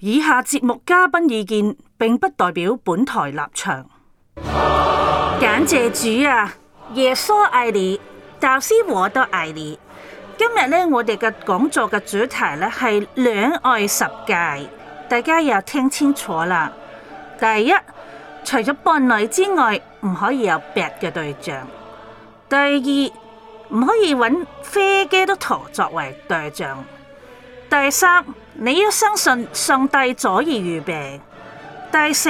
以下節目嘉賓意見，並不代表本台立場。感謝 主啊，耶穌愛你，教師我都愛你。今日呢，我哋嘅講座嘅主題呢係戀愛十誡，大家又聽清楚啦。第一，除咗伴侶之外，唔可以有別嘅對象。第二，唔可以揾非基督徒作為對象。第三。你要相信上帝早已預備。第四，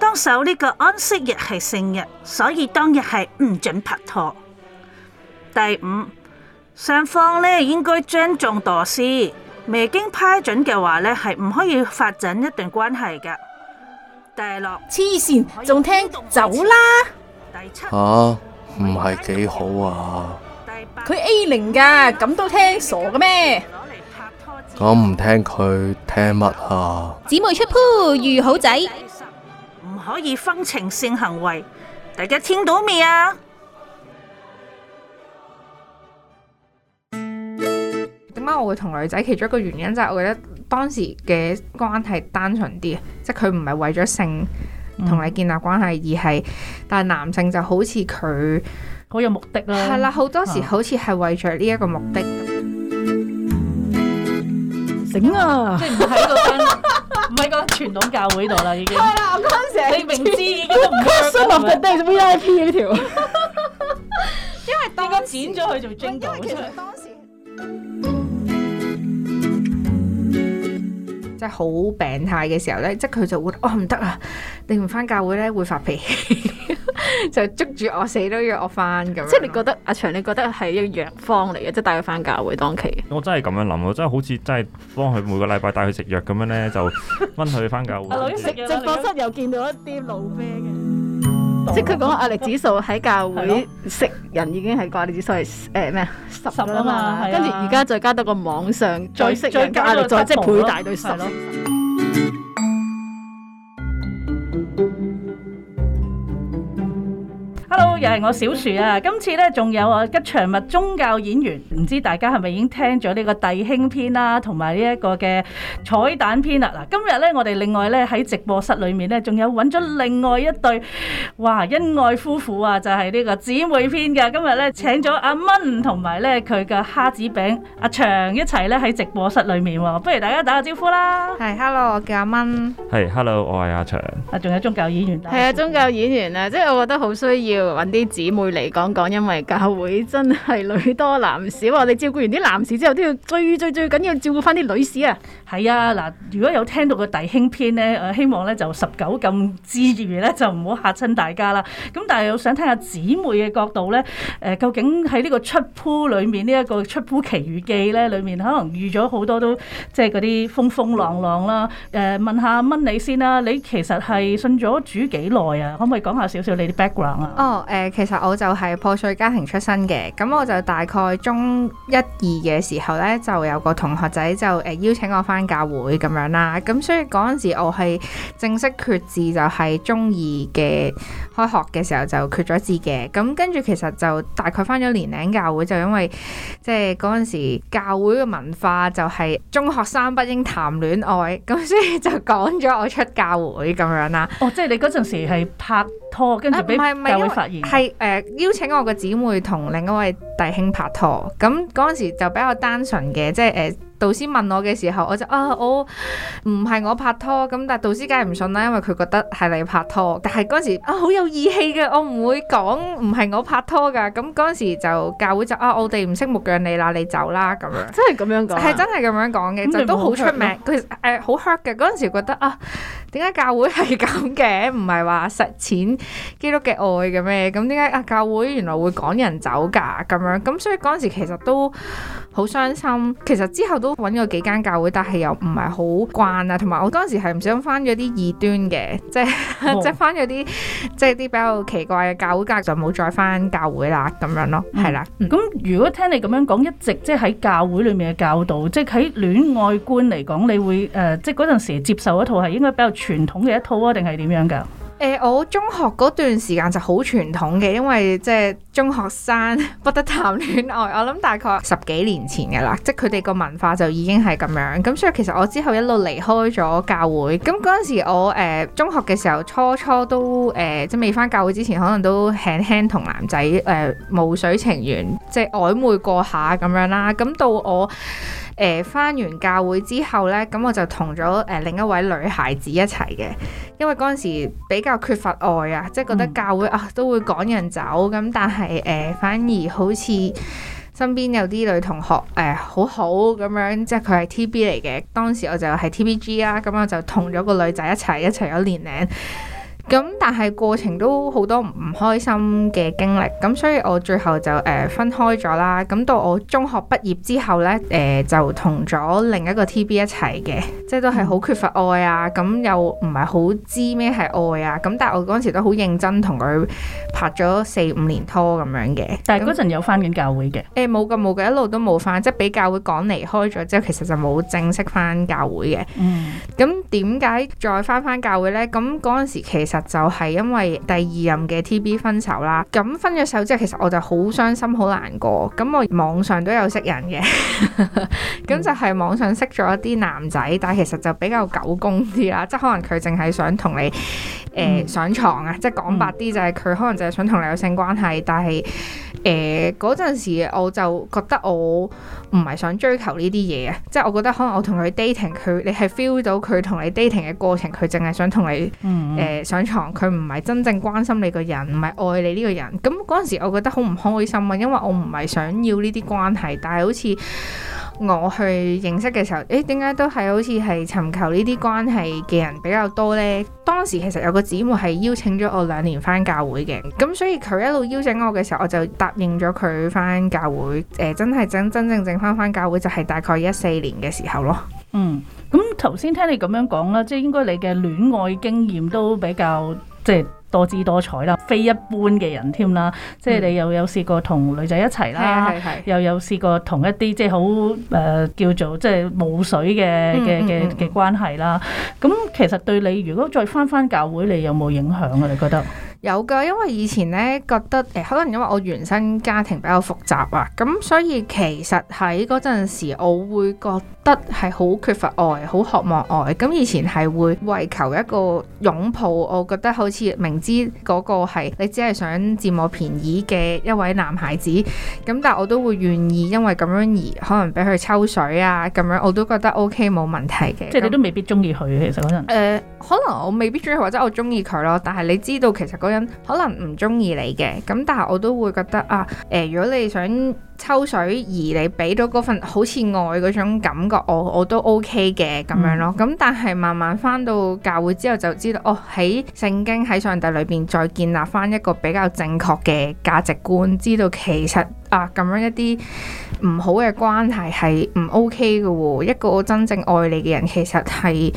當守呢個安息日係聖日，所以當日係唔准拍拖。第五，上方呢應該尊重導師，未經批准嘅話呢係唔可以發展一段關係嘅。第六，黐線仲聽走啦？第七、啊，吓唔係幾好啊？佢八 A 零噶，咁都聽傻嘅咩？講唔聽佢聽乜啊！姊妹出 POOL 遇好仔，唔可以分情性行為，大家聽到未啊？點解我會同女仔其中一個原因就係我覺得當時嘅關係單純啲，即係佢唔係為咗性同你建立關係，而係但係男性就好似佢好有目的啦。係啦，好多時好似係為咗呢一個目的。整啊！ 即係唔喺個，唔喺 個傳統教會度啦，已經係啦。我嗰陣時你明知已經都唔 care 啦，唔係 V I P 呢條，因為 剪咗佢，做精讀。因為其實當時。 好病態嘅時候咧，即係佢就會哦唔得啊，你唔翻教會咧會發脾氣， 就捉住我死都要我翻咁。這樣 即係你覺得阿祥，你覺得係一個藥方嚟嘅，即係帶佢翻教會當期。我真係咁樣諗，我真係好似真係幫佢每個禮拜帶佢食藥咁樣咧，就掹佢翻教會。直播室又見到一啲老咩？嘅、嗯。即係佢講壓力指數喺教會識 對咯 人已經係掛你指數係誒咩啊十十啦嘛，跟住而家再加多個網上 再識，再加壓力再即係倍大到十 對咯 十。又係我小薯啊！今次咧仲有我吉祥物宗教演員，唔知大家係咪已經聽咗呢個弟兄篇啦，同埋呢一個嘅彩蛋篇啦。嗱，今日咧我哋另外咧喺直播室裏面咧，仲有揾咗另外一對哇恩愛夫婦啊，就係、是、呢個姊妹篇嘅。今日咧請咗阿蚊同埋咧佢嘅蝦子餅阿長一齊咧喺直播室裏面喎，不如大家打個招呼啦。係，hello，我叫阿蚊。係、hey,，hello，我係阿長。啊，仲有宗教演員。係啊，宗教演員啊，即係我覺得好需要啲姊妹嚟講講，因為教會真係女多男少，啊。你照顧完啲男士之後，都要最最最緊要照顧翻啲女士啊。係啊，嗱，如果有聽到個弟兄篇咧，誒，希望咧就十九咁之餘咧，就唔好吓親大家啦。咁但係我想聽下姊妹嘅角度咧，誒，究竟喺呢個出鋪裏面呢一個出鋪奇遇記咧，裏面可能遇咗好多都即係嗰啲風風浪浪啦。誒，問下蚊你先啦，你其實係信咗主幾耐啊？可唔可以講下少少你啲 background 啊？哦。Oh, 誒，其實我就係破碎家庭出身嘅，咁我就大概中一二嘅時候呢，就有個同學仔就誒、呃、邀請我翻教會咁樣啦，咁所以嗰陣時我係正式決志，就係中二嘅開學嘅時候就決咗志嘅，咁跟住其實就大概翻咗年零教會，就因為即係嗰陣時教會嘅文化就係中學生不應談戀愛，咁所以就趕咗我出教會咁樣啦。哦，即係你嗰陣時係拍拖，跟住俾教會發現、啊。係誒、呃、邀請我嘅姊妹同另一位弟兄拍拖，咁嗰陣時就比較單純嘅，即係誒導師問我嘅時候，我就啊，我唔係我拍拖，咁但係導師梗係唔信啦，因為佢覺得係你拍拖，但係嗰陣時啊，好有義氣嘅，我唔會講唔係我拍拖噶，咁嗰陣時就教會就啊，我哋唔識牧養你啦，你走啦咁樣。真係咁樣講，係真係咁樣講嘅，就都好出名，佢誒好 hurt 嘅嗰陣時，覺得啊點解教會係咁嘅，唔係話實踐基督嘅愛嘅咩？咁點解啊教會原來會趕人走噶咁？咁所以嗰陣時其實都好傷心，其實之後都揾過幾間教會，但係又唔係好慣啊。同埋我嗰陣時係唔想翻咗啲異端嘅，即係即係翻咗啲即係啲比較奇怪嘅教會，就冇再翻教會啦，咁樣咯，係、嗯、啦。咁、嗯、如果聽你咁樣講，一直即係喺教會裏面嘅教導，即係喺戀愛觀嚟講，你會誒，即係嗰陣時接受一套係應該比較傳統嘅一套啊，定係點樣噶？誒，我中學嗰段時間就好傳統嘅，因為即係中學生不得談戀愛。我諗大概十幾年前嘅啦，即係佢哋個文化就已經係咁樣。咁所以其實我之後一路離開咗教會。咁嗰陣時我誒、呃、中學嘅時候，初初都誒、呃、即未返教會之前，可能都輕輕同男仔誒露水情緣，即係曖昧過下咁樣啦。咁到我。誒翻、呃、完教會之後呢，咁、嗯、我就同咗誒另一位女孩子一齊嘅，因為嗰陣時比較缺乏愛啊，即係覺得教會啊都會趕人走，咁、嗯、但係誒、呃、反而好似身邊有啲女同學誒、呃、好好咁樣，即係佢係 TB 嚟嘅，當時我就係 TBG 啦、啊，咁、嗯、我就同咗個女仔一齊，一齊咗一年多。咁但係過程都好多唔開心嘅經歷，咁所以我最後就誒、呃、分開咗啦。咁到我中學畢業之後呢，誒、呃、就同咗另一個 TB 一齊嘅，即係都係好缺乏愛啊。咁又唔係好知咩係愛啊。咁但係我嗰陣時都好認真同佢拍咗四五年拖咁樣嘅。但係嗰陣有翻緊教會嘅？誒冇噶，冇嘅，一路都冇翻，即係俾教會趕離開咗之後，其實就冇正式翻教會嘅。嗯。咁點解再翻翻教會呢？咁嗰陣時其實。就就係因為第二任嘅 TB 分手啦，咁分咗手之後，其實我就好傷心、好難過。咁我網上都有識人嘅，咁 就係網上識咗一啲男仔，但係其實就比較狗公啲啦，即係可能佢淨係想同你誒、呃、上床啊，即係講白啲就係、是、佢可能就係想同你有性關係，但係誒嗰陣時我就覺得我。唔係想追求呢啲嘢啊，即係我覺得可能我同佢 dating，佢你係 feel 到佢同你 dating 嘅過程，佢淨係想同你誒、嗯嗯呃、上床。佢唔係真正關心你個人，唔係愛你呢個人。咁嗰陣時我覺得好唔開心啊，因為我唔係想要呢啲關係，但係好似。我去認識嘅時候，誒點解都係好似係尋求呢啲關係嘅人比較多呢？當時其實有個姊妹係邀請咗我兩年返教會嘅，咁所以佢一路邀請我嘅時候，我就答應咗佢返教會。誒、呃，真係真真正正返返教會就係大概一四年嘅時候咯。嗯，咁頭先聽你咁樣講啦，即係應該你嘅戀愛經驗都比較即係多姿多彩啦，非一般嘅人添啦，即係你有、嗯、又有試過同女仔一齊啦，又有試過同一啲即係好誒叫做即係冇水嘅嘅嘅嘅關係啦。咁其實對你如果再翻翻教會，你有冇影響啊？你覺得？有噶，因為以前咧覺得誒、欸，可能因為我原生家庭比較複雜啊，咁所以其實喺嗰陣時，我會覺得係好缺乏愛，好渴望愛。咁以前係會為求一個擁抱，我覺得好似明知嗰個係你只係想佔我便宜嘅一位男孩子，咁但我都會願意因為咁樣而可能俾佢抽水啊，咁樣我都覺得 OK 冇問題嘅。即係你都未必中意佢，其實嗰陣那、呃、可能我未必中意，或者我中意佢咯。但係你知道其實嗰，可能唔中意你嘅，咁但係我都會覺得啊，誒、呃，如果你想抽水而你俾到嗰份好似愛嗰種感覺，我我都 OK 嘅咁樣咯。咁、嗯、但係慢慢翻到教會之後，就知道哦，喺聖經喺上帝裏邊再建立翻一個比較正確嘅價值觀，知道其實啊咁樣一啲唔好嘅關係係唔 OK 嘅。一個我真正愛你嘅人，其實係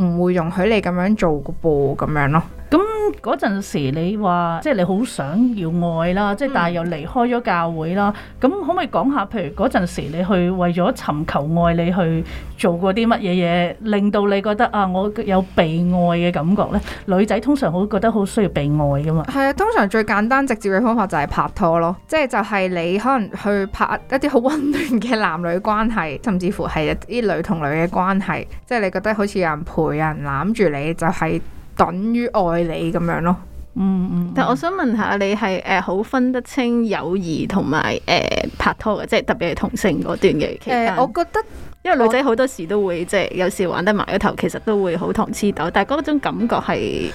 唔會容許你咁樣做嘅噃，咁樣咯。咁嗰陣時你，你話即係你好想要愛啦，即係但係又離開咗教會啦。咁、嗯、可唔可以講下，譬如嗰陣時你去為咗尋求愛，你去做過啲乜嘢嘢，令到你覺得啊，我有被愛嘅感覺呢？女仔通常好覺得好需要被愛噶嘛？係啊，通常最簡單直接嘅方法就係拍拖咯，即係就係你可能去拍一啲好温暖嘅男女關係，甚至乎係一啲女同女嘅關係，即係你覺得好似有人陪有人攬住你，就係、是。等於愛你咁樣咯，嗯嗯。嗯，但我想問下，你係誒好分得清友誼同埋誒拍拖嘅，即係特別係同性嗰段嘅期間、呃。我覺得因為女仔好多時都會我即係有時玩得埋一頭，其實都會好糖黐豆，但係嗰種感覺係。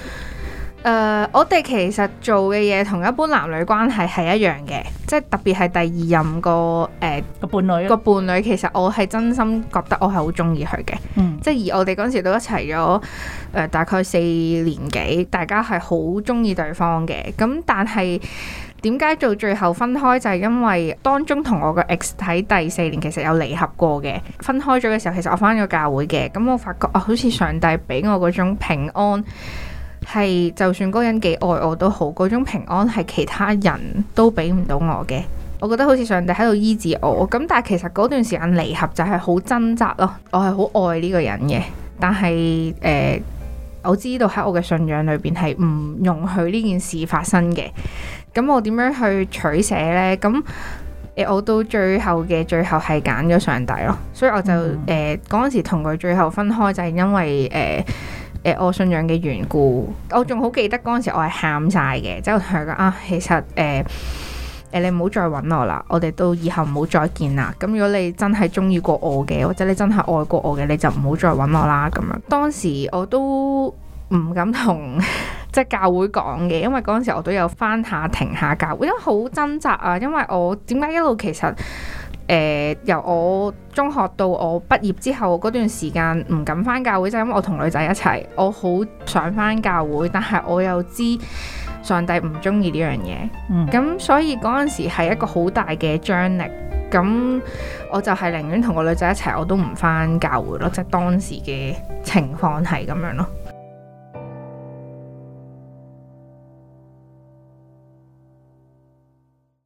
誒，uh, 我哋其實做嘅嘢，同一般男女關係係一樣嘅，即係特別係第二任個誒、呃、個伴侶個伴侶，其實我係真心覺得我係好中意佢嘅，嗯、即係而我哋嗰陣時都一齊咗、呃、大概四年幾，大家係好中意對方嘅，咁但係點解到最後分開就係、是、因為當中同我個 ex 喺第四年其實有離合過嘅，分開咗嘅時候，其實我翻咗教會嘅，咁我發覺啊、哦，好似上帝俾我嗰種平安。係，就算嗰個人幾愛我都好，嗰種平安係其他人都俾唔到我嘅。我覺得好似上帝喺度醫治我，咁但係其實嗰段時間離合就係好掙扎咯。我係好愛呢個人嘅，但係誒、呃、我知道喺我嘅信仰裏邊係唔容許呢件事發生嘅。咁我點樣去取捨呢？咁、呃、我到最後嘅最後係揀咗上帝咯。所以我就誒嗰陣時同佢最後分開就係因為誒。呃誒、欸，我信仰嘅緣故，我仲好記得嗰陣時我，我係喊晒嘅，即係我同佢講啊，其實誒誒、欸欸，你唔好再揾我啦，我哋都以後唔好再見啦。咁如果你真係中意過我嘅，或者你真係愛過我嘅，你就唔好再揾我啦。咁樣當時我都唔敢同 即係教會講嘅，因為嗰陣時我都有返下停下教會，因為好掙扎啊。因為我點解一路其實？誒、呃，由我中學到我畢業之後嗰段時間，唔敢翻教會，就係因為我同女仔一齊，我好想翻教會，但係我又知上帝唔中意呢樣嘢，咁、嗯、所以嗰陣時係一個好大嘅張力，咁我就係寧願同個女仔一齊，我都唔翻教會咯，即、就、係、是、當時嘅情況係咁樣咯。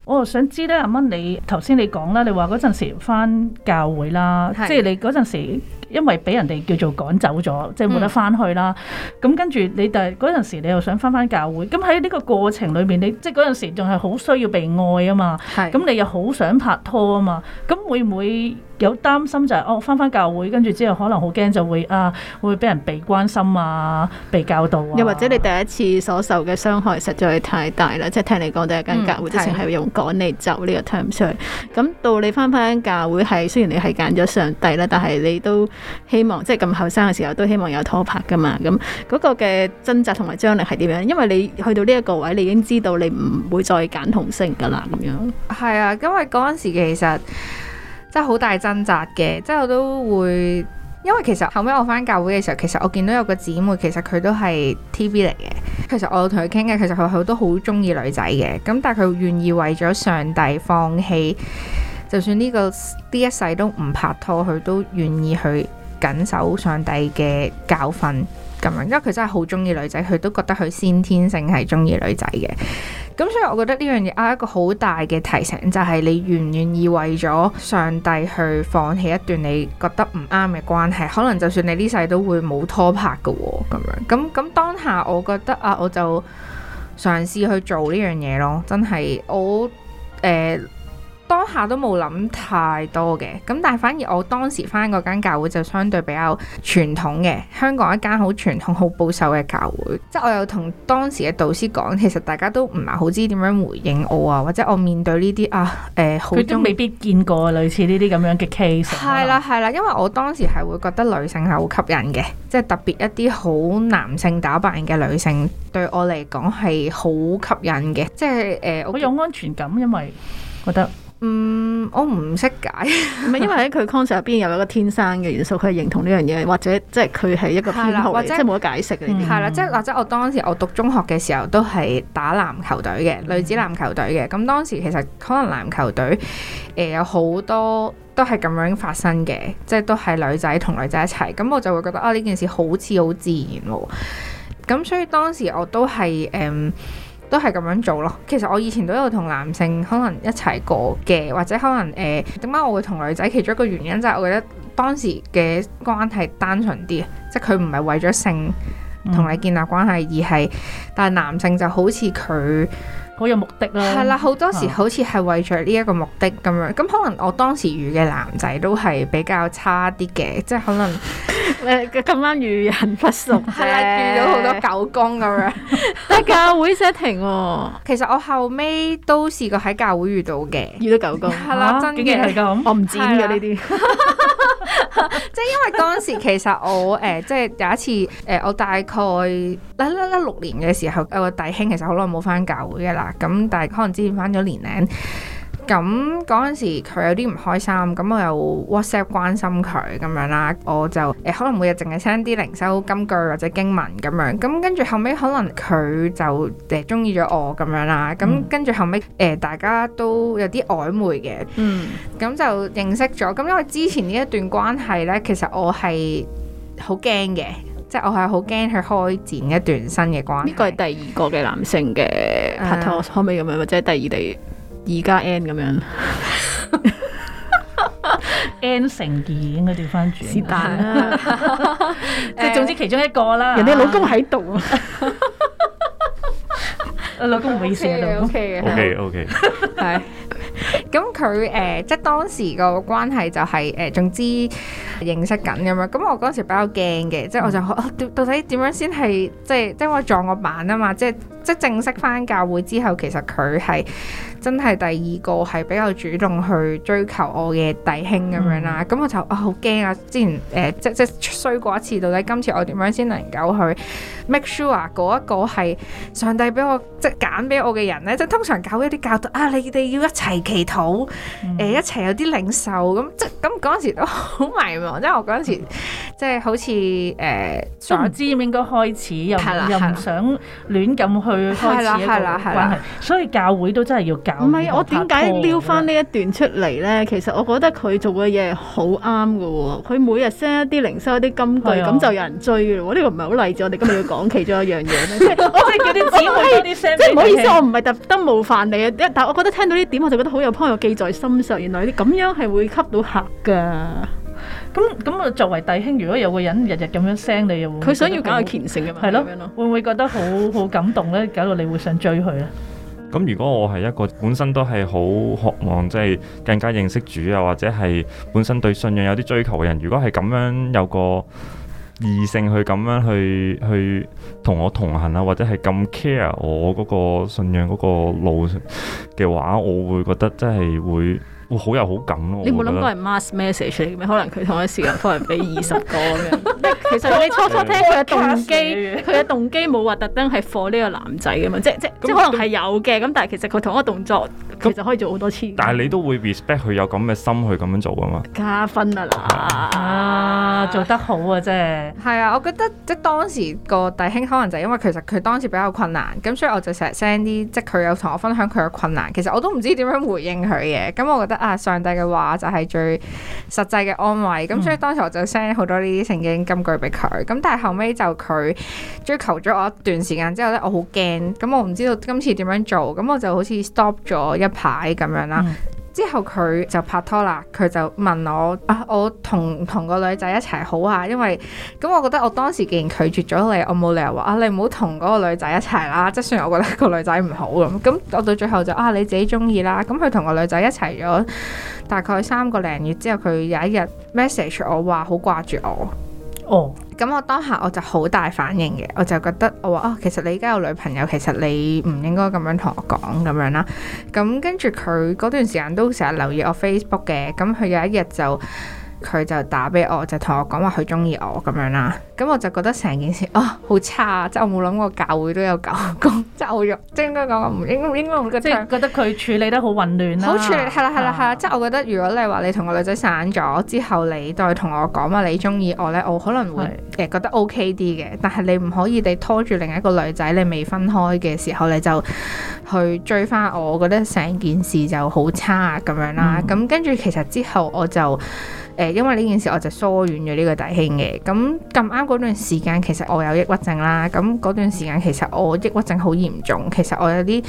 我、哦、想知咧，阿蚊你頭先你講啦，你話嗰陣時翻教會啦，是即係你嗰陣時因為俾人哋叫做趕走咗，嗯、即係冇得翻去啦。咁跟住你第嗰陣時你又想翻翻教會，咁喺呢個過程裏邊，你即係嗰陣時仲係好需要被愛啊嘛。咁是你又好想拍拖啊嘛，咁會唔會？有擔心就係哦，翻翻教會跟住之後，可能好驚就會啊，會俾人被關心啊，被教導啊。又或者你第一次所受嘅傷害實在太大啦，即係聽你講第一間教會之前係用趕你走呢個時間出去。咁、嗯、到你翻翻教會係，雖然你係揀咗上帝啦，但係你都希望即係咁後生嘅時候都希望有拖拍噶嘛。咁嗰個嘅掙扎同埋張力係點樣？因為你去到呢一個位，你已經知道你唔會再揀同性噶啦，咁樣。係、嗯、啊，因為嗰陣時其實。真係好大掙扎嘅，即係我都會，因為其實後尾我翻教會嘅時候，其實我見到有個姊妹，其實佢都係 TV 嚟嘅。其實我同佢傾嘅，其實佢佢都好中意女仔嘅，咁但係佢願意為咗上帝放棄，就算呢個呢一世都唔拍拖，佢都願意去緊守上帝嘅教訓。咁樣，因為佢真係好中意女仔，佢都覺得佢先天性係中意女仔嘅。咁所以，我覺得呢樣嘢啊，一個好大嘅提醒就係你願唔願意為咗上帝去放棄一段你覺得唔啱嘅關係，可能就算你呢世都會冇拖拍嘅喎。咁樣，咁咁當下我覺得啊，我就嘗試去做呢樣嘢咯。真係我誒。呃當下都冇諗太多嘅，咁但係反而我當時翻嗰間教會就相對比較傳統嘅，香港一間好傳統、好保守嘅教會。即係我有同當時嘅導師講，其實大家都唔係好知點樣回應我啊，或者我面對呢啲啊，誒、呃，好，佢都未必見過類似呢啲咁樣嘅 case。係啦係啦，因為我當時係會覺得女性係好吸引嘅，即係特別一啲好男性打扮嘅女性對我嚟講係好吸引嘅，即係誒，呃、我，我有安全感，因為覺得。嗯，我唔識解。唔係因為喺佢 concept 入邊又有一個天生嘅元素，佢認同呢樣嘢，或者即係佢係一個偏好嚟，即係冇得解釋嘅。係啦、嗯，即係或者我當時我讀中學嘅時候都係打籃球隊嘅女子籃球隊嘅。咁、嗯嗯、當時其實可能籃球隊誒有好多都係咁樣發生嘅，即係都係女仔同女仔一齊。咁我就會覺得啊，呢件事好似好自然喎。咁所以當時我都係誒。嗯都係咁樣做咯。其實我以前都有同男性可能一齊過嘅，或者可能誒點解我會同女仔其中一個原因就係我覺得當時嘅關係單純啲，即係佢唔係為咗性同你建立關係，嗯、而係但係男性就好似佢好有目的啦。係啦，好多時好似係為咗呢一個目的咁樣。咁、嗯、可能我當時遇嘅男仔都係比較差啲嘅，即係可能。 誒，咁啱遇人不淑，係啦，遇到好多狗公咁樣，教會 setting。其實我後尾都試過喺教會遇到嘅，遇到狗公係啦，真嘅。係咁， 我唔知嘅呢啲。 即係因為嗰陣時，其實我誒、呃，即係有一次，誒、呃，我大概啦啦啦六年嘅時候，我弟兄其實好耐冇翻教會噶啦，咁但係可能之前翻咗年零。嗯 咁嗰陣時佢有啲唔開心，咁我又 WhatsApp 關心佢咁樣啦，我就誒、呃、可能每日淨係 send 啲靈修金句或者經文咁樣，咁跟住後尾，可能佢就誒中意咗我咁樣啦，咁、嗯、跟住後尾，誒、呃、大家都有啲曖昧嘅，咁、嗯、就認識咗。咁因為之前呢一段關係咧，其實我係好驚嘅，即係我係好驚去開展一段新嘅關係。呢個係第二個嘅男性嘅拍拖後屘咁樣，或者第二嚟。二加 n 咁樣 ，n 乘二應該調翻轉，是但啦。即係 總之其中一個啦。呃、人哋老公喺度，老公唔會死喺度 OK 嘅，OK OK。係。咁佢誒，即係當時個關係就係、是、誒、呃，總之認識緊咁樣。咁、嗯、我嗰陣時比較驚嘅，即係我就是、到底點樣先係、就是，即係即係我撞個板啊嘛，即係。即係正式翻教會之後，其實佢係真係第二個係比較主動去追求我嘅弟兄咁樣啦。咁我就啊好驚啊！之前誒即即衰過一次，到底今次我點樣先能夠去 make sure 嗰一個係上帝俾我即係揀俾我嘅人咧？即係通常教會啲教徒啊，你哋要一齊祈禱誒一齊有啲領受咁。即咁嗰陣時都好迷茫，即係我陣時即係好似誒都唔知應唔應該開始，又又唔想亂咁去。係啦，係啦，係啦，所以教會都真係要教。唔係我點解撩翻呢一段出嚟咧？其實我覺得佢做嘅嘢好啱噶喎，佢每日 send 一啲靈修一啲金句，咁就有人追嘅。我呢個唔係好例子。我哋今日要講其中一樣嘢咧，即係即係叫啲姊妹啲 s 即係唔好意思，我唔係特登冒犯你啊，但係我覺得聽到呢點，我就覺得好有 point，我記在心上。原來啲咁樣係會吸到客噶。咁咁啊！作為弟兄，如果有個人日日咁樣聲你，又會佢想要搞佢虔誠嘅，係咯，會唔會覺得好好感動咧？搞到你會想追佢咧？咁如果我係一個本身都係好渴望，即係更加認識主啊，或者係本身對信仰有啲追求嘅人，如果係咁樣有個異性去咁樣去去同我同行啊，或者係咁 care 我嗰個信仰嗰個路嘅話，我會覺得真係會。會，好有好感咯！你冇諗過係 mass message 嚟嘅咩？可能佢同一時間可能俾二十個咁樣。 其實你初初聽佢嘅動機，佢嘅動機冇話特登係 for 呢個男仔噶嘛？即即即可能係有嘅。咁但係其實佢同一個動作其實 可以做好多次。但係你都會 respect 佢有咁嘅心去咁樣做噶嘛？加分啊啦！Okay. 啊，做得好啊！真係。係 啊，我覺得即當時個弟兄可能就因為其實佢當時比較困難，咁所以我就成日 send 啲，即佢有同我分享佢嘅困難。其實我都唔知點樣回應佢嘅。咁我覺得。啊！上帝嘅話就係最實際嘅安慰，咁、嗯、所以當時我就 send 好多呢啲聖經金句俾佢，咁但係後尾就佢追求咗我一段時間之後咧，我好驚，咁我唔知道今次點樣做，咁我就好似 stop 咗一排咁樣啦。嗯之後佢就拍拖啦，佢就問我啊，我同同個女仔一齊好啊？因為咁、嗯、我覺得我當時既然拒絕咗你，我冇理由話啊你唔好同嗰個女仔一齊啦，即係雖然我覺得個女仔唔好咁，咁、嗯、我到最後就啊你自己中意啦，咁佢同個女仔一齊咗大概三個零月之後，佢有一日 message 我話好掛住我哦。Oh. 咁我當下我就好大反應嘅，我就覺得我話哦，其實你而家有女朋友，其實你唔應該咁樣同我講咁樣啦。咁跟住佢嗰段時間都成日留意我 Facebook 嘅，咁佢有一日就。佢就打俾我，就同我講話佢中意我咁樣啦。咁我就覺得成件事啊好、哦、差，即係我冇諗過教會都有狗公，即係我，即我應應該講唔應應該唔覺得，即係覺得佢處理得好混亂啦、啊。好處理係啦係啦係啊！啦啦即係我覺得，如果你話你同個女仔散咗之後，你再同我講話你中意我呢，我可能會誒覺得 OK 啲嘅。是但係你唔可以你拖住另一個女仔，你未分開嘅時候，你就去追翻我。我覺得成件事就好差咁樣啦。咁跟住其實之後我就。誒，因為呢件事我就疏遠咗呢個弟兄嘅。咁咁啱嗰段時間，其實我有抑鬱症啦。咁嗰段時間其實我抑鬱症好嚴重。其實我有啲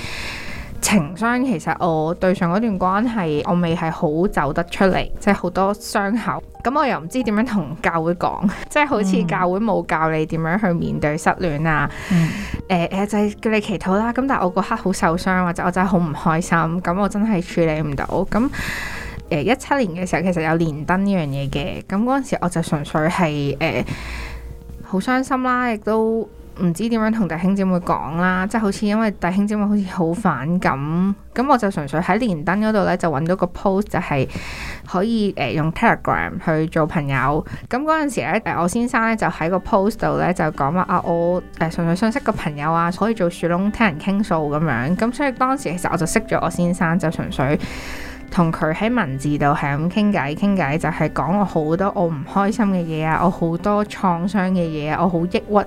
情傷，其實我對上嗰段關係，我未係好走得出嚟，即係好多傷口。咁我又唔知點樣同教會講，即係好似教會冇教你點樣去面對失戀啊。誒誒、嗯呃，就係、是、叫你祈禱啦。咁但係我嗰刻好受傷，或者我真係好唔開心。咁我真係處理唔到。咁誒一七年嘅時候，其實有連登呢樣嘢嘅，咁嗰陣時我就純粹係誒好傷心啦，亦都唔知點樣同弟兄姊妹講啦，即係好似因為弟兄姊妹好似好反感，咁我就純粹喺連登嗰度呢，就揾到個 post 就係可以誒、呃、用 Telegram 去做朋友，咁嗰陣時咧我先生呢，就喺個 post 度呢，就講話啊我誒、呃、純粹想識個朋友啊，可以做樹窿聽人傾訴咁樣，咁所以當時其實我就識咗我先生就純粹。同佢喺文字度係咁傾偈，傾偈就係講我好多我唔開心嘅嘢啊，我好多創傷嘅嘢啊，我好抑鬱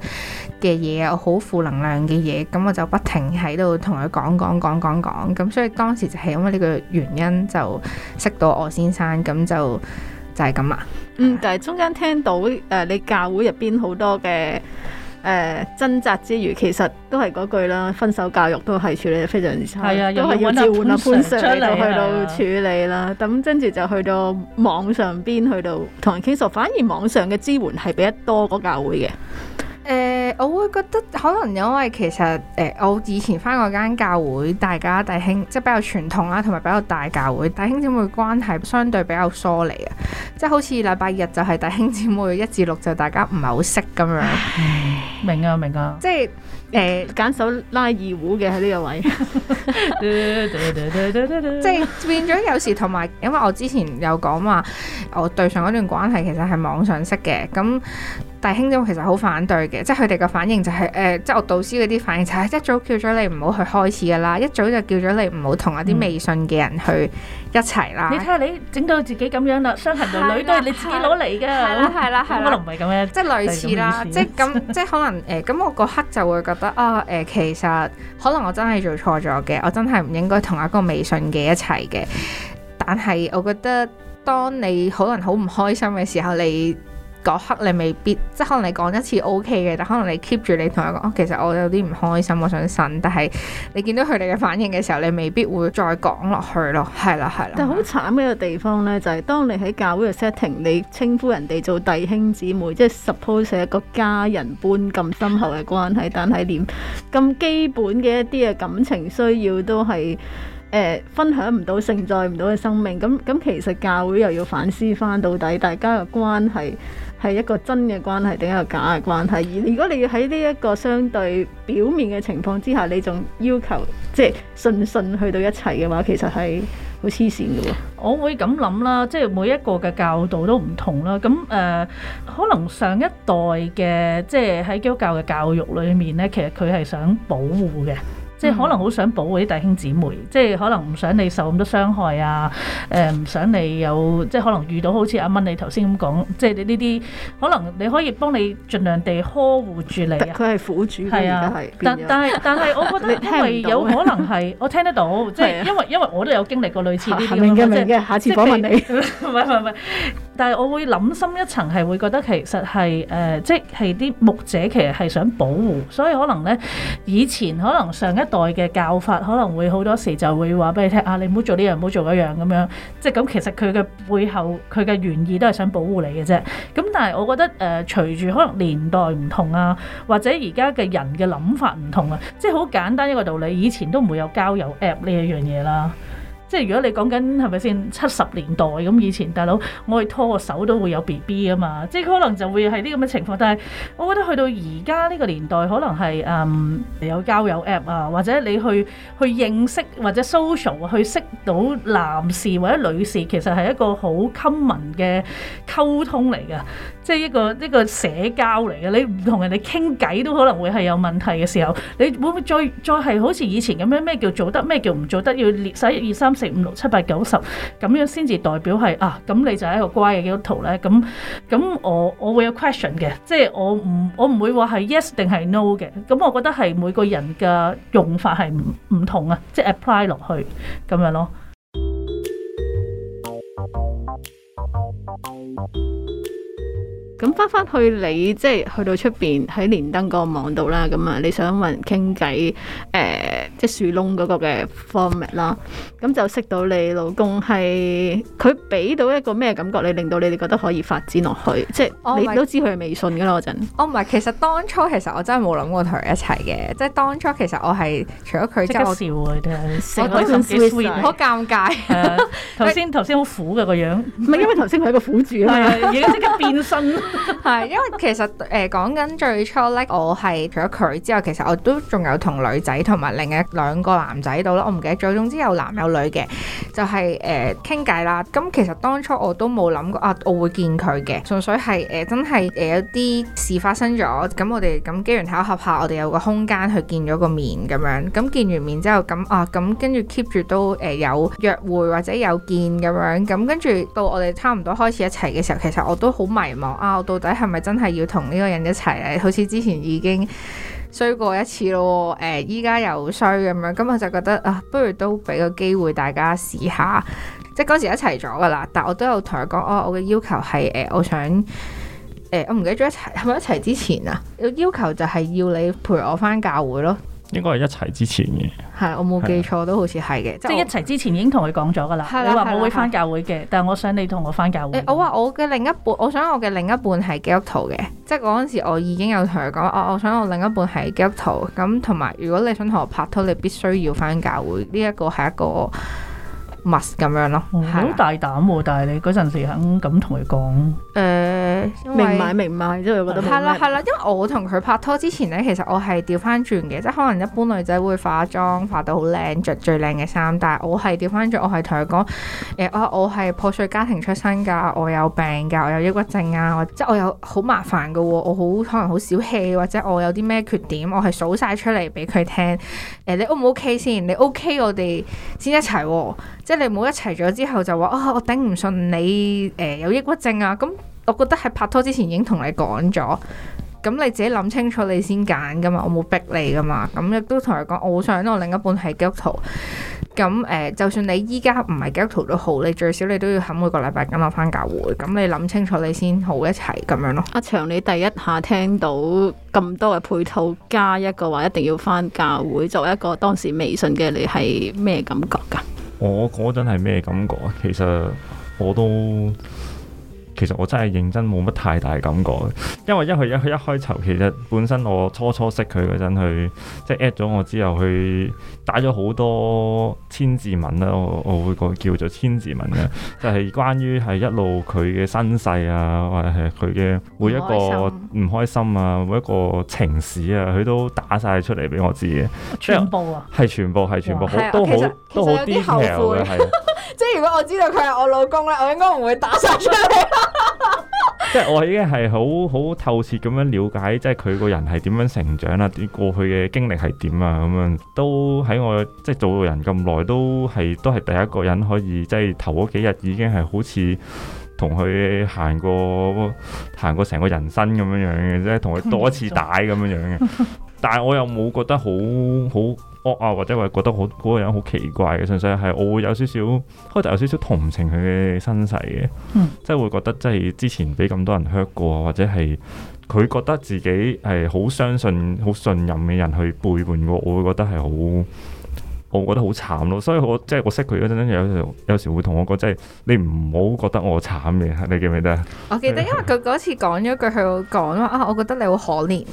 嘅嘢啊，我好負能量嘅嘢，咁我就不停喺度同佢講講講講講，咁所以當時就係因為呢個原因就識到我先生，咁就就係咁啊。嗯，但係中間聽到誒、呃、你教會入邊好多嘅。誒、呃、掙扎之餘，其實都係嗰句啦，分手教育都係處理得非常之差，啊、都係要召喚阿潘 Sir 嚟去到處理啦。咁跟住就去到網上邊去到同人傾訴，反而網上嘅支援係比較多個教會嘅。誒、呃，我會覺得可能因為其實誒、呃，我以前翻過間教會，大家弟兄即係比較傳統啦，同埋比較大教會，弟兄姊妹關係相對比較疏離啊，即係好似禮拜日就係弟兄姊妹，一至六就大家唔係好識咁樣。明啊，明啊，即係誒，揀、呃、手拉二胡嘅喺呢個位， 即係變咗有時同埋，因為我之前有講話，我對上嗰段關係其實係網上識嘅，咁。但兄弟其實好反對嘅，即係佢哋嘅反應就係、是、誒、呃，即係我導師嗰啲反應就係一早叫咗你唔好去開始噶啦，一早就叫咗你唔好同一啲微信嘅人去一齊啦。嗯、你睇下你整到自己咁樣啦，傷痕累累都係你自己攞嚟㗎，係啦係啦，點可能唔係咁樣？即係類似啦，即係咁，即係可能誒，咁、呃、我嗰刻就會覺得啊，誒、呃，其實可能我真係做錯咗嘅，我真係唔應該同一個微信嘅一齊嘅。但係我覺得，當你可能好唔開心嘅時候，你嗰刻你未必即係，可能你講一次 OK 嘅，但可能你 keep 住你同佢講，其實我有啲唔開心，我想呻。但係你見到佢哋嘅反應嘅時候，你未必會再講落去咯。係啦，係啦。但好慘嘅一個地方呢，就係當你喺教會嘅 setting，你稱呼人哋做弟兄姊妹，即 suppose 成一個家人般咁深厚嘅關係， 但係連咁基本嘅一啲嘅感情需要都係。誒分享唔到、承載唔到嘅生命，咁咁其實教會又要反思翻，到底大家嘅關係係一個真嘅關係定一個假嘅關係？而如果你要喺呢一個相對表面嘅情況之下，你仲要求即係信信去到一齊嘅話，其實係好黐線㗎喎。我會咁諗啦，即係每一個嘅教導都唔同啦。咁誒、呃，可能上一代嘅即係喺基督教嘅教，教育裏面呢，其實佢係想保護嘅。即係可能好想保護啲弟兄姊妹，即係可能唔想你受咁多傷害啊！誒、呃，唔想你有即係可能遇到好似阿蚊你頭先咁講，即係呢啲可能你可以幫你盡量地呵護住你啊！佢係苦主嚟嘅，但 但係但係，我覺得因為有可能係，聽我聽得到，即係因為 因為我都有經歷過類似啲咁啊，明嘅明嘅，是下次訪問你。唔係唔係。但係我會諗深一層，係會覺得其實係誒、呃，即係啲牧者其實係想保護，所以可能咧，以前可能上一代嘅教法可能會好多時就會話俾你聽啊，你唔好做呢樣，唔好做嗰樣咁樣。即係咁，其實佢嘅背後佢嘅原意都係想保護你嘅啫。咁但係我覺得誒，隨、呃、住可能年代唔同啊，或者而家嘅人嘅諗法唔同啊，即係好簡單一個道理，以前都唔會有交友 App 呢一樣嘢啦。即係如果你講緊係咪先七十年代咁，以前大佬，我去拖個手都會有 B B 啊嘛，即係可能就會係啲咁嘅情況。但係我覺得去到而家呢個年代，可能係嗯有交友 App 啊，或者你去去認識或者 social 去識到男士或者女士，其實係一個好 common 嘅溝通嚟㗎。即係一個一個社交嚟嘅，你唔同人哋傾偈都可能會係有問題嘅時候，你會唔會再再係好似以前咁樣咩叫做得咩叫唔做，做得，要列晒一二三四五六七八九十咁樣先至代表係啊？咁你就係一個乖嘅基督徒咧。咁咁我我會有 question 嘅，即係我唔我唔會話係 yes 定係 no 嘅。咁我覺得係每個人嘅用法係唔唔同啊，即係 apply 落去咁樣咯。 咁返返去你即係、就是、去到出邊喺連登嗰、呃就是、個網度啦，咁啊你想問傾偈，誒，即係樹窿嗰個嘅 format 啦。咁就識到你老公，係佢俾到一個咩感覺？你令到你哋覺得可以發展落去，哦、即係你都知佢係未信噶啦嗰陣。哦、我唔係，其實當初其實我真係冇諗過同佢一齊嘅。即係當初其實我係除咗佢之後，我對陣 Swift 好尷尬。頭先頭先好苦噶個樣，唔係因為頭先佢係個苦主，而家即刻變身。係 因為其實誒、呃、講緊最初咧，我係除咗佢之外，其實我都仲有同女仔同埋另一兩個男仔度啦。我唔記得咗，總之有男友。嗯女嘅就係誒傾偈啦，咁、嗯、其實當初我都冇諗過啊，我會見佢嘅，純粹係誒、呃、真係誒、呃、有啲事發生咗，咁我哋咁機緣巧合下，我哋有個空間去見咗個面咁樣，咁、嗯、見完面之後，咁啊咁跟住 keep 住都誒、呃、有約會或者有見咁樣，咁跟住到我哋差唔多開始一齊嘅時候，其實我都好迷茫啊，我到底係咪真係要同呢個人一齊咧？好似之前已經。衰過一次咯，誒依家又衰咁樣，咁、嗯、我就覺得啊，不如都俾個機會大家試下，即係嗰時一齊咗㗎啦，但我都有同佢講，我我嘅要求係誒、呃，我想誒、呃、我唔記得咗一齊係咪一齊之前啊，要求就係要你陪我返教會咯。應該係一齊之前嘅，係我冇記錯的都好似係嘅，即係一齊之前已經同佢講咗㗎喇。你話我的會翻教會嘅，的但係我想你同我翻教會。我話我嘅另一半，我想我嘅另一半係基督徒嘅，即係嗰陣時我已經有同佢講，我、哦、我想我另一半係基督徒，咁同埋如果你想同我拍拖，你必須要翻教會，呢一個係一個。m 咁樣咯，好、嗯啊、大膽喎、啊！但係你嗰陣時肯咁同佢講，誒、呃，明埋明埋，因為覺得係啦係啦，因為我同佢拍拖之前咧，其實我係調翻轉嘅，即係可能一般女仔會化妝化到好靚，着最靚嘅衫，但係我係調翻轉，我係同佢講，誒、呃，我我係破碎家庭出身噶，我有病噶，我有抑鬱症啊，即係我有好麻煩噶、啊，我好可能好小氣，或者我有啲咩缺點，我係數晒出嚟俾佢聽，誒、呃，你 O 唔 O K 先？你 O、OK、K 我哋先一齊、啊。即係你冇一齊咗之後就話，哦，我頂唔順你誒、呃、有抑鬱症啊！咁、嗯、我覺得喺拍拖之前已經同你講咗，咁、嗯、你自己諗清楚你先揀噶嘛，我冇逼你噶嘛。咁、嗯、亦都同佢講，我想我另一半係基督徒。咁、嗯、誒、呃，就算你依家唔係基督徒都好，你最少你都要肯每個禮拜咁落翻教會。咁、嗯、你諗清楚你先好一齊咁樣咯。阿、啊、祥，你第一下聽到咁多嘅配套加一個話一定要翻教會，作為一個當時未信嘅你係咩感覺噶？我嗰陣係咩感覺？其實我都其實我真係認真冇乜太大感覺，因為一去一去一開頭，其實本身我初初識佢嗰陣，佢即係 at 咗我之後去，打咗好多千字文啦，我我會講叫做千字文嘅， 就係關於係一路佢嘅身世啊，或者係佢嘅每一個唔開心啊，心每一個情史啊，佢都打晒出嚟俾我知嘅。全部啊，係全部係全部，全部哇都好都好後悔嘅，係。即係 如果我知道佢係我老公咧，我應該唔會打晒出嚟。 即係我已經係好好透徹咁樣了解，即係佢個人係點樣成長啊，啲過去嘅經歷係點啊，咁樣都喺我即係做個人咁耐，都係都係第一個人可以，即係頭嗰幾日已經係好似同佢行過行過成個人生咁樣樣嘅，即係同佢多一次大咁樣樣嘅，但係我又冇覺得好好。惡啊，或者我覺得好嗰個人好奇怪嘅，純粹係我會有少少，可能有少少同情佢嘅身世嘅，嗯、即係會覺得即係之前俾咁多人 hurt 過，或者係佢覺得自己係好相信、好信任嘅人去背叛過我，我會覺得係好，我覺得好慘咯。所以我即係我識佢嗰陣有時有時會同我講，即係你唔好覺得我慘嘅，你記唔記得啊？我記得，因為佢嗰次講咗一句佢會講啊，我覺得你好可憐。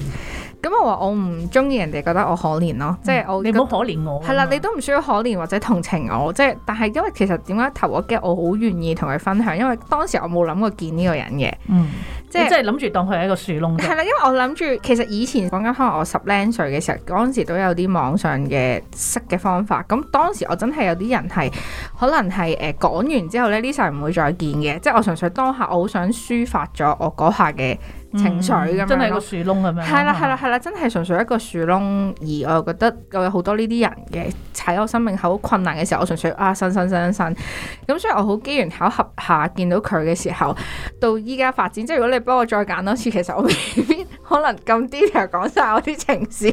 咁我話我唔中意人哋覺得我可憐咯，嗯、即係我你唔好可憐我，係啦，你都唔需要可憐或者同情我，即係，但係因為其實點解投我 g 我好願意同佢分享，因為當時我冇諗過見呢個人嘅，嗯、即係即係諗住當佢係一個樹窿，係啦，因為我諗住其實以前講緊可能我十零歲嘅時候，嗰陣時都有啲網上嘅識嘅方法，咁當時我真係有啲人係可能係誒、呃、講完之後咧呢世唔會再見嘅，即係我純粹當下我好想抒發咗我嗰下嘅。情緒咁、嗯嗯、樣真係個樹窿咁樣。係啦，係啦，係啦，真係純粹一個樹窿。而我又覺得又有好多呢啲人嘅喺我生命好困難嘅時候，我純粹啊信信信信。咁所以，我好機緣巧合下見到佢嘅時候，到依家發展。即係如果你幫我再揀多次，其實我未必。 可能咁 detail 講晒我啲情史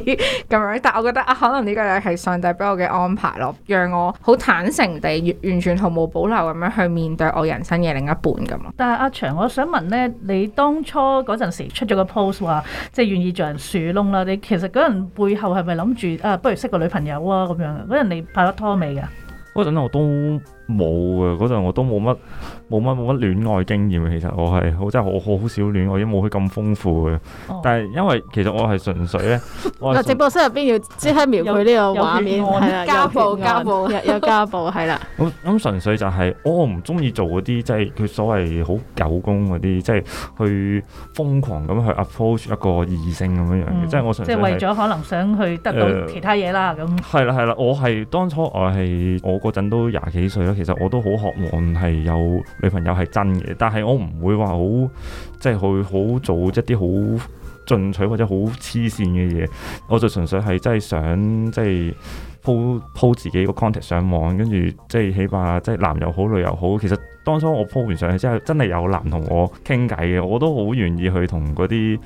咁樣，但我覺得啊，可能呢個嘢係上帝俾我嘅安排咯，讓我好坦誠地、完完全毫無保留咁樣去面對我人生嘅另一半咁。但係阿祥，我想問呢，你當初嗰陣時出咗個 post 話，即係願意做人樹窿啦，你其實嗰人背後係咪諗住啊，不如識個女朋友啊咁樣？嗰陣你拍咗拖未啊？嗰陣我，我都。冇啊，嗰陣我都冇乜冇乜冇乜戀愛經驗嘅，其實我係好真係我好少戀愛，已經冇佢咁豐富嘅。但係因為其實我係純粹咧，直播室入邊要即刻描繪呢個畫面係啦，家暴家暴又家暴係啦。咁咁純粹就係我唔中意做嗰啲即係佢所謂好狗公嗰啲，即係去瘋狂咁去 approach 一個異性咁樣樣嘅，即係我純粹即係為咗可能想去得到其他嘢啦。咁係啦係啦，我係當初我係我嗰陣都廿幾歲啦。其實我都好渴望係有女朋友係真嘅，但係我唔會話好，即係去好做一啲好進取或者好黐線嘅嘢，我就純粹係真係想即係、就是、po, po 自己個 contact 上網，跟住即係起碼即係、就是、男又好女又好。其實當初我 po 完上去之後，真係有男同我傾偈嘅，我都好願意去同嗰啲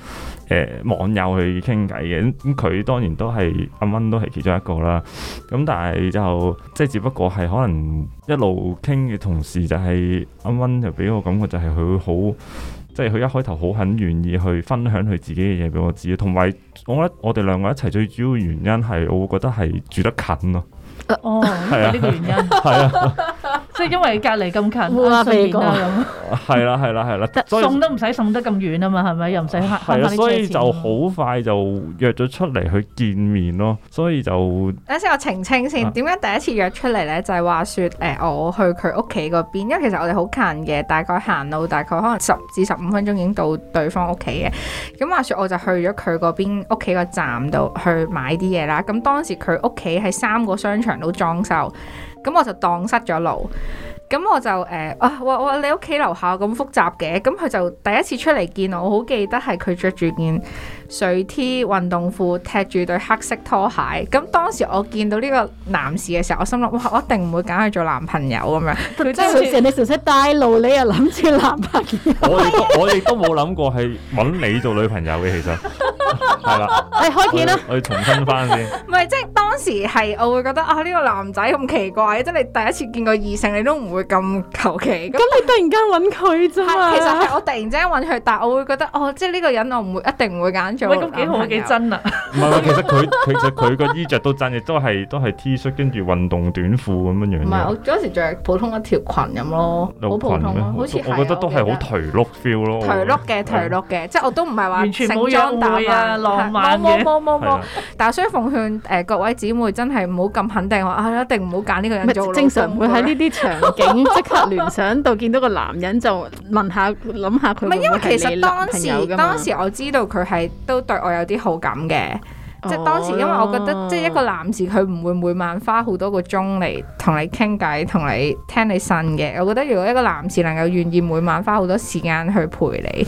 誒網友去傾偈嘅。咁、嗯、佢當然都係阿蚊，都係其中一個啦。咁、嗯、但係就即係、就是、只不過係可能一路傾嘅同時、就是，就係阿蚊，就俾我感覺就係佢會好。即係佢一開頭好肯願意去分享佢自己嘅嘢俾我知，同埋我覺得我哋兩個一齊最主要嘅原因係，我會覺得係住得近咯、啊啊。哦，係呢個原因。係啊。 即係 因為隔離咁近，無啦啦咁，係啦係啦係啦，送都唔使送得咁遠啊嘛，係咪又唔使客。係啊，所以就好快就約咗出嚟去見面咯。所以就等陣先，我澄清先，點解、啊、第一次約出嚟咧，就係、是、話説誒、呃，我去佢屋企嗰邊，因為其實我哋好近嘅，大概行路大概可能十至十五分鐘已經到對方屋企嘅。咁話説我就去咗佢嗰邊屋企個站度去買啲嘢啦。咁當時佢屋企喺三個商場都裝修。咁我就蕩失咗路，咁我就誒啊話話你屋企樓下咁複雜嘅，咁佢就第一次出嚟見我，我好記得係佢着住件水 T 運動褲，踢住對黑色拖鞋。咁當時我見到呢個男士嘅時候，我心諗：哇，我一定唔會揀佢做男朋友咁樣。佢係當時你成日帶路，你又諗住男朋我哋都我亦都冇諗過係揾你做女朋友嘅，其實係啦。誒 了，開片啦！我哋重新翻先。唔係，即係當時係我會覺得啊，呢個男仔咁奇怪嘅，即係你第一次見個異性，你都唔會咁求其。咁你突然間揾佢啫嘛？其實係我突然之間揾佢，但係我會覺得哦，即係呢個人我唔會一定唔會揀。喂，咁幾好幾真啊！唔係，其實佢其實佢個衣着都真，亦都係都係 T 恤跟住運動短褲咁樣樣。唔係，我嗰時著普通一條裙咁咯，好普通咯。好似我覺得都係好頹碌 feel 咯。頹碌嘅頹碌嘅，即係我都唔係話盛裝打扮、浪漫。冇冇冇冇！但係所以奉勸誒各位姊妹，真係唔好咁肯定話啊，一定唔好揀呢個人做。正常唔會喺呢啲場景即刻聯想到見到個男人就問下諗下佢會唔會係你男朋友㗎嘛？唔係，因為其實當時當時我知道佢係。都對我有啲好感嘅，即係當時，因為我覺得，oh. 即係一個男士，佢唔會每晚花好多個鐘嚟同你傾偈，同你聽你呻嘅。我覺得如果一個男士能夠願意每晚花好多時間去陪你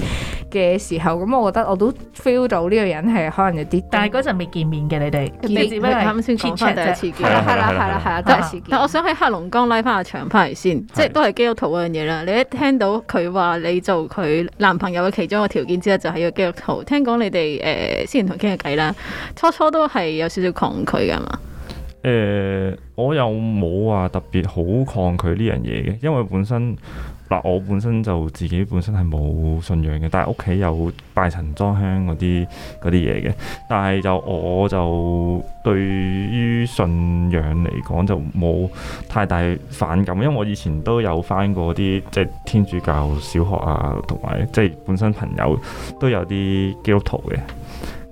嘅時候，咁我覺得我都 feel 到呢個人係可能有啲，但係嗰陣未見面嘅你哋，未見咩，啱先講返第一次見，係啦，係啦，係啦，第一次見。但我想喺黑龍江拉翻阿長翻嚟先，即係都係基督徒嗰樣嘢啦。你一聽到佢話你做佢男朋友嘅其中一個條件之後，就係要基督徒。聽講你哋誒之前同傾嘅偈啦，初初都係有少少抗拒㗎嘛？誒，我又冇話特別好抗拒呢樣嘢嘅，因為本身。嗱，我本身就自己本身係冇信仰嘅，但係屋企有拜神、裝香嗰啲啲嘢嘅。但係就我就對於信仰嚟講就冇太大反感，因為我以前都有返過啲即係天主教小學啊，同埋即係本身朋友都有啲基督徒嘅。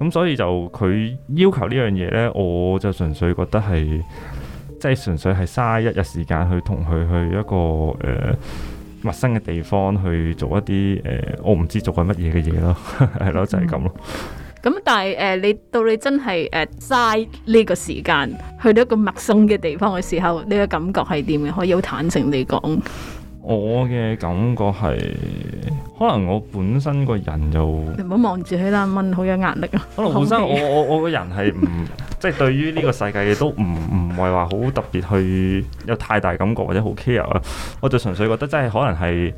咁所以就佢要求呢樣嘢呢，我就純粹覺得係即係純粹係嘥一日時間去同佢去一個誒。呃陌生嘅地方去做一啲誒，我唔知做緊乜嘢嘅嘢咯，係咯，就係咁咯。咁但係誒，你到底真係誒嘥呢個時間去到一個陌生嘅地方嘅時候，你嘅感覺係點嘅？可以好坦誠地講，我嘅感覺係可能我本身個人就你唔好望住佢啦，蚊，好有壓力啊。可能本身我我我個人係唔即係對於呢個世界亦都唔唔。唔係話好特別去有太大感覺或者好 care 啊，我就純粹覺得真係可能係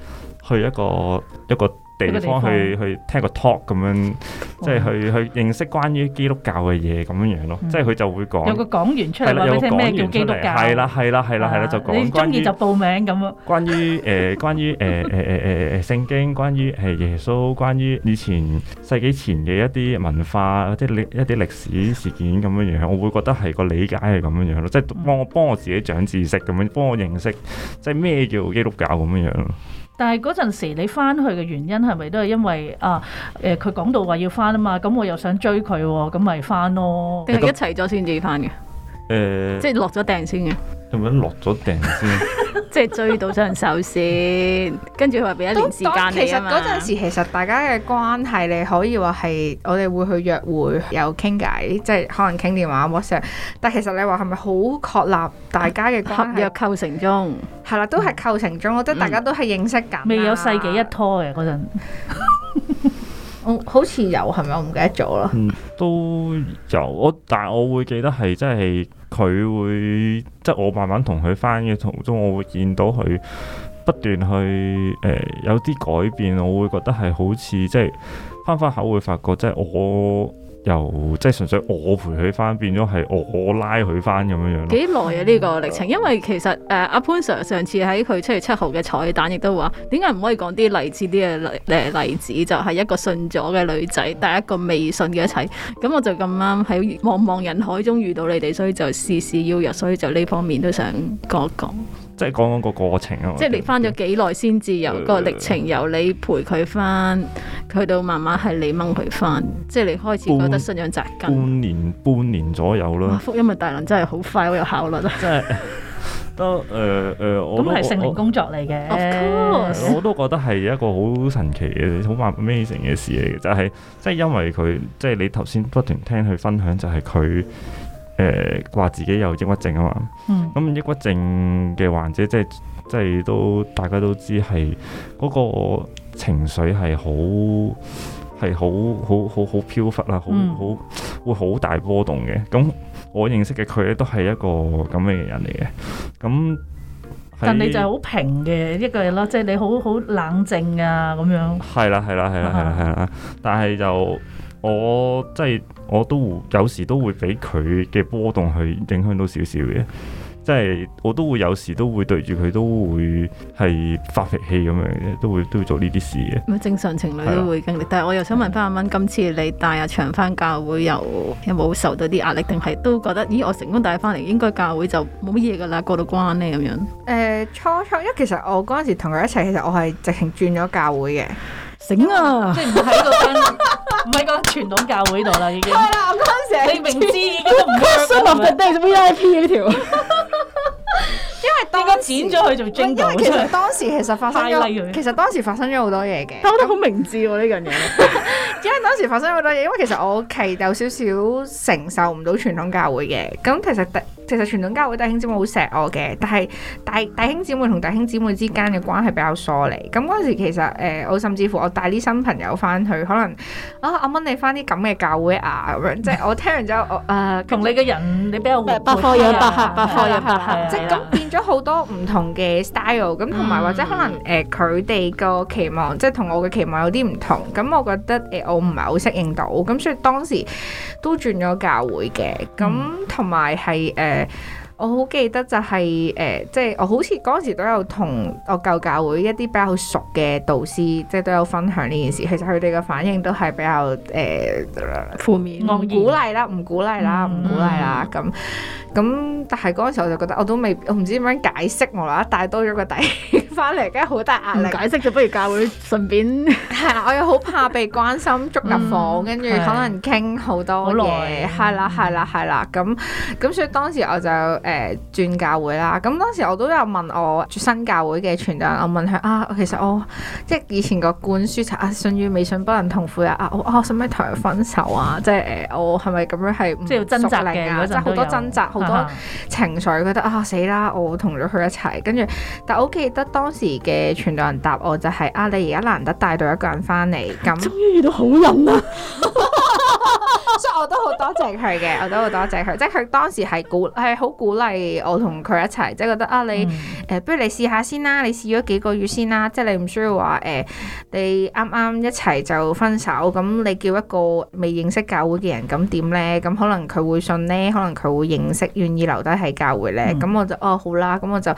去一個一個。地方去去聽個 talk 咁樣，即係去去認識關於基督教嘅嘢咁樣樣咯。即係佢就會講，有個講員出嚟話咩叫基督教。係啦係啦係啦係啦，就講。你中意就報名咁啊？關於誒，關於誒誒誒誒誒，聖經，關於係耶穌，關於以前世紀前嘅一啲文化，即係歷一啲歷史事件咁樣樣。我會覺得係個理解係咁樣樣咯，即係幫我幫我自己長知識咁樣，幫我認識即係咩叫基督教咁樣樣咯。但係嗰陣時你翻去嘅原因係咪都係因為啊？誒、呃，佢講到話要翻啊嘛，咁我又想追佢喎、哦，咁咪翻咯。定係一齊咗先至翻嘅。誒、呃。即係落咗訂先嘅。咁樣落咗訂先？ 即係追到上手先， 跟住佢話俾一年時間你啊嘛。其實嗰陣時，其實大家嘅關係，你可以話係我哋會去約會，有傾偈，即係可能傾電話 WhatsApp，但其實你話係咪好確立大家嘅關係？合約構成中係啦，都係構成中。我覺得、嗯、大家都係認識緊、嗯，未有世紀一拖嘅嗰陣。我好似有係咪？我唔記得咗啦。都有我，但係我會記得係真係。佢會，即係我慢慢同佢返嘅途中，我會見到佢不斷去誒、呃、有啲改變，我會覺得係好似即係翻翻口，會發覺即係我。又即係純粹我陪佢返，變咗係我，我，我拉佢返咁樣樣咯。幾耐啊？呢個歷程，因為其實誒阿、呃、潘 Sir 上次喺佢七月七號嘅彩蛋亦都話，點解唔可以講啲勵志啲嘅例誒例子？就係、是、一個信咗嘅女仔，但係一個未信嘅一齊。咁我就咁啱喺茫茫人海中遇到你哋，所以就事事邀約，所以就呢方面都想講一講。即係講講個過程啊嘛，即係你翻咗幾耐先至由個歷程，由你陪佢翻，去、呃、到慢慢係你掹佢翻，半即係你開始覺得信仰扎根。半年，半年左右啦。福音咪大能真係好快，好有效率啊！真係得誒誒，咁係聖靈工作嚟嘅。Of course，我都覺得係一個好神奇嘅、好 Amazing 嘅事嚟嘅，就係、是、即係因為佢，即係你頭先不停聽佢分享，就係、是、佢。誒，話、呃、自己有抑鬱症啊嘛，咁、嗯嗯、抑鬱症嘅患者即係即係都，大家都知係嗰個情緒係好係好好好好飄忽啦，好好會好大波動嘅。咁、嗯嗯、我認識嘅佢咧都係一個咁樣嘅人嚟嘅。咁但你就係好平嘅一個人咯，即係你好好冷靜啊咁樣。係啦係啦係啦係啦係啦，但係就我即係。我都有時都會俾佢嘅波動去影響到少少嘅，即係我都會有時都會對住佢都會係發脾氣咁樣嘅，都會都會做呢啲事嘅。咁正常情侶都會經歷，的但係我又想問翻阿蚊，今次你帶阿長翻教會，又有冇受到啲壓力，定係都覺得咦我成功帶翻嚟，應該教會就冇乜嘢㗎喇，過到關呢咁樣？誒、呃，初初因為其實我嗰陣時同佢一齊，其實我係直情轉咗教會嘅。醒啊！ 即係唔喺個唔喺個傳統教會度啦，已經係啦， 我剛才 你明知已經都唔 appropriate VIP 呢條。因為當剪咗佢仲經導出嚟，因為其實當時其實發生咗，bur 其實當時發生咗好多嘢嘅。我覺得好明智喎呢樣嘢， 因為當時發生好多嘢，因為其實我 其實有少少承受唔到傳統教會嘅。咁其實大其實傳統教會弟兄姊妹好錫我嘅，但係大大兄姊妹同弟兄姊妹之間嘅關係比較疏離。咁嗰陣時其實誒、呃，我甚至乎我帶啲新朋友翻去，可能啊阿蚊你翻啲咁嘅教會啊咁樣，即係我聽完之後，我誒同你嘅人你比較百害百害百害即係咁咗好多唔同嘅 style，咁同埋或者可能誒佢哋個期望，即係同我嘅期望有啲唔同，咁我覺得誒、呃、我唔係好適應到，咁所以當時都轉咗教會嘅，咁同埋係誒。呃我好記得就係、是、誒，即、呃、係、就是、我好似嗰陣時都有同我舊教會一啲比較熟嘅導師，即、就、係、是、都有分享呢件事。其實佢哋嘅反應都係比較誒、呃、負面，唔鼓勵啦，唔鼓勵啦，唔、嗯、鼓勵啦。咁咁、嗯，但係嗰陣時我就覺得我都未，我唔知點樣解釋我啦，帶多咗個底。 翻嚟梗係好大壓力，解釋就不如教會順便係 啊！我又好怕被關心，捉入房，跟住、嗯、可能傾好多嘢。係啦，係啦了，係啦、嗯。咁咁，所以當時我就誒轉教會啦。咁當時我都有問我新教會嘅傳道人，我問佢啊，其實我即係以前個灌輸就啊，信與未信不能同父也啊。我使唔使同佢分手是是啊？即係誒，我係咪咁樣係即係要掙扎嚟㗎？啊、即係好多掙扎，好多情緒，覺得啊死啦、啊！我同咗佢一齊，跟住但係我記得當。當時嘅傳導人答案就係、是，啊，你而家難得帶到一個人翻嚟，咁終於遇到好人啦！ 我都好多謝佢嘅，我都好多謝佢。即係佢當時係鼓係好鼓勵我同佢一齊，即係覺得啊，你誒、呃、不如你試下先啦，你試咗幾個月先啦。即係你唔需要話誒、呃，你啱啱一齊就分手。咁你叫一個未認識教會嘅人，咁點呢？咁可能佢會信呢，可能佢會認識，願意留低喺教會呢。咁、嗯、我就哦、啊、好啦，咁我就誒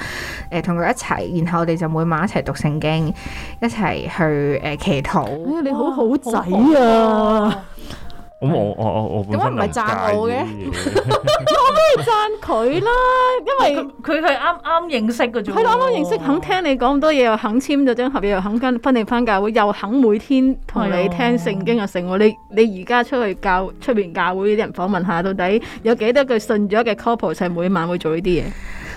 同佢一齊，然後我哋就每晚一齊讀聖經，一齊去誒祈禱。你好好仔啊！ 咁我我我我咁又唔係讚我嘅，我都係讚佢啦，因為佢係啱啱認識嘅，佢係啱啱認識，肯聽你講咁多嘢，又肯簽咗張合約，又肯跟返你返教會，又肯每天同你聽聖經又成。我、哦啊，你你而家出去教出面教會啲人訪問下，到底有幾多對信咗嘅 couple 係每晚會做呢啲嘢？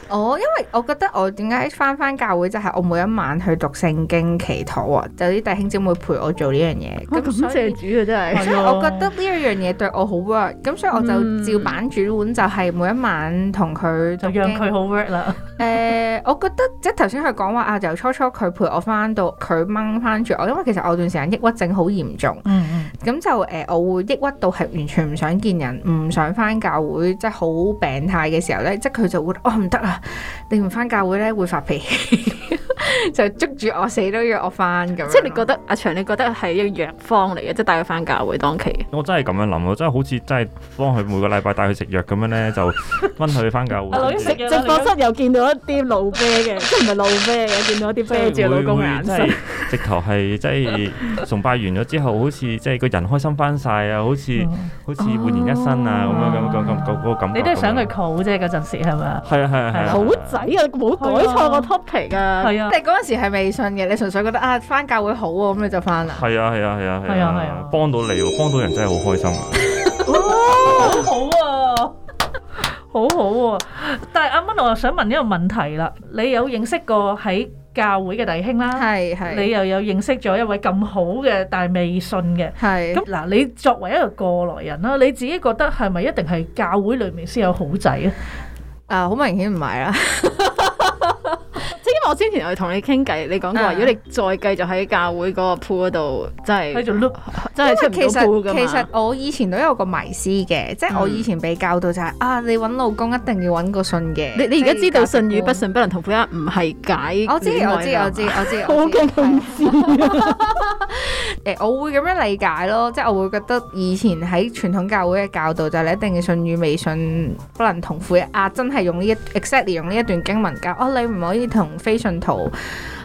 哦，oh, 因為我覺得我點解翻翻教會就係我每一晚去讀聖經祈禱啊，就啲弟兄姊妹陪我做呢樣嘢。咁、oh, 感謝主啊，真係。所以我覺得呢一樣嘢對我好 work，咁 Yeah. 所以我就照板煮碗就係每一晚同佢就讓佢好 work 啦。誒、呃，我覺得即係頭先佢講話啊，就初初佢陪我翻到佢掹翻住我，因為其實我段時間抑鬱症好嚴重。咁、mm. 就誒、呃，我會抑鬱到係完全唔想見人，唔想翻教會，即係好病態嘅時候咧，即係佢就會哦唔得啊！你唔翻教會咧，會發脾氣，就捉住我死都約我翻咁。即係你覺得阿祥，你覺得係一個藥方嚟嘅，即係帶佢翻教會當期。我真係咁樣諗，我真係好似真係幫佢每個禮拜帶佢食藥咁樣咧，就溫佢翻教會。喺食直播室又見到一啲老啤嘅，即係唔係老啤嘅，見到一啲啤住老公眼神，即係直頭係，即係崇拜完咗之後，好似即係個人開心翻晒啊，好似好似煥然一新啊，咁樣咁咁咁嗰個感覺。你都係想佢好啫，嗰陣時係嘛？係啊係啊係。好仔啊！冇改錯個 topic 啊，即係嗰陣時係未信嘅，你純粹覺得啊翻教會好喎，咁你就翻啦。係啊係啊係啊係啊係啊，幫到你，幫到人真係好開心啊！好好啊，好好啊！但係阿蚊，我又想問一個問題啦，你有認識過喺教會嘅弟兄啦，係係，你又有認識咗一位咁好嘅，但係未信嘅，係咁嗱，你作為一個過來人啦，你自己覺得係咪一定係教會裡面先有好仔啊？啊，好、uh, 明顯唔係啦！ 即係因為我之前我同你傾偈，你講過，uh. 如果你再繼續喺教會嗰個鋪嗰度，真係因為 真係出唔到舖㗎。其實其實我以前都有個迷思嘅，即係我以前被教導就係、是、啊，你揾老公一定要揾個信嘅、嗯。你你而家知道信與不信不能同負啊？唔係解我知我知我知我知我嘅我會咁樣理解咯，即係我會覺得以前喺傳統教會嘅教導就係你一定要信與未信不能同負一軛，啊，真係用呢一 exactly 用呢一段經文教，哦、啊、你唔可以同非信徒。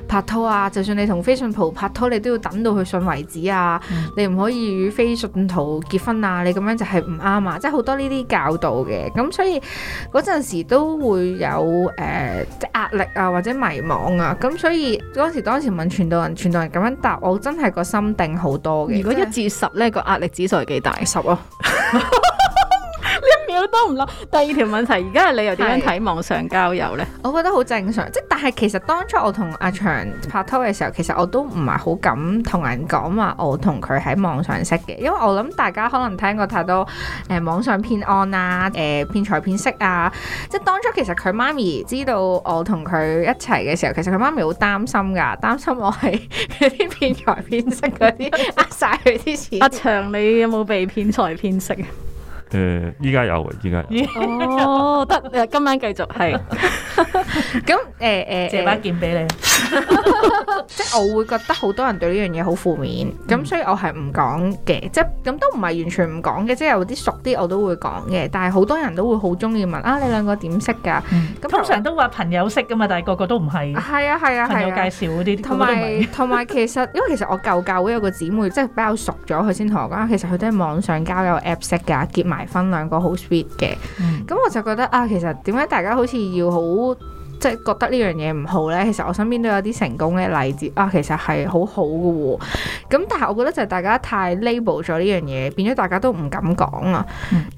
拍拖啊，就算你同非信徒拍拖，你都要等到佢信為止啊！嗯、你唔可以與非信徒結婚啊！你咁樣就係唔啱啊！即係好多呢啲教導嘅，咁所以嗰陣時都會有誒、呃、即係壓力啊，或者迷惘啊，咁所以當時當時問傳道人，傳道人咁樣答我，真係個心定好多嘅。如果一至十、就係、呢個壓力指數係幾大？十咯。都唔落。第二條問題，而家係你又點樣睇網上交友呢？ 我覺得好正常。即係，但係其實當初我同阿祥拍拖嘅時候，其實我都唔係好敢同人講話我同佢喺網上識嘅，因為我諗大家可能聽過太多誒網上騙案啊、誒騙財騙色啊。即係當初其實佢媽咪知道我同佢一齊嘅時候，其實佢媽咪好擔心㗎，擔心我係嗰啲騙財騙色嗰啲呃曬佢啲錢。 阿祥，你有冇被騙財騙色啊？誒依家有喎，依家哦得誒今晚繼續係，咁誒誒借把劍俾你，即係我會覺得好多人對呢樣嘢好負面，咁所以我係唔講嘅，即係咁都唔係完全唔講嘅，即係有啲熟啲我都會講嘅，但係好多人都會好中意問啊你兩個點識㗎？咁通常都話朋友識㗎嘛，但係個個都唔係，係啊係啊，朋友介紹嗰啲同埋同埋其實因為其實我舊教會有個姊妹即係比較熟咗，佢先同我講啊，其實佢都係網上交友 app 識㗎，結埋。分兩個好 sweet 嘅，咁、嗯、我就覺得啊，其實點解大家好似要好？即係覺得呢樣嘢唔好咧，其實我身邊都有啲成功嘅例子啊，其實係好好嘅喎。咁但係我覺得就係大家太 label 咗呢樣嘢，變咗大家都唔敢講啊。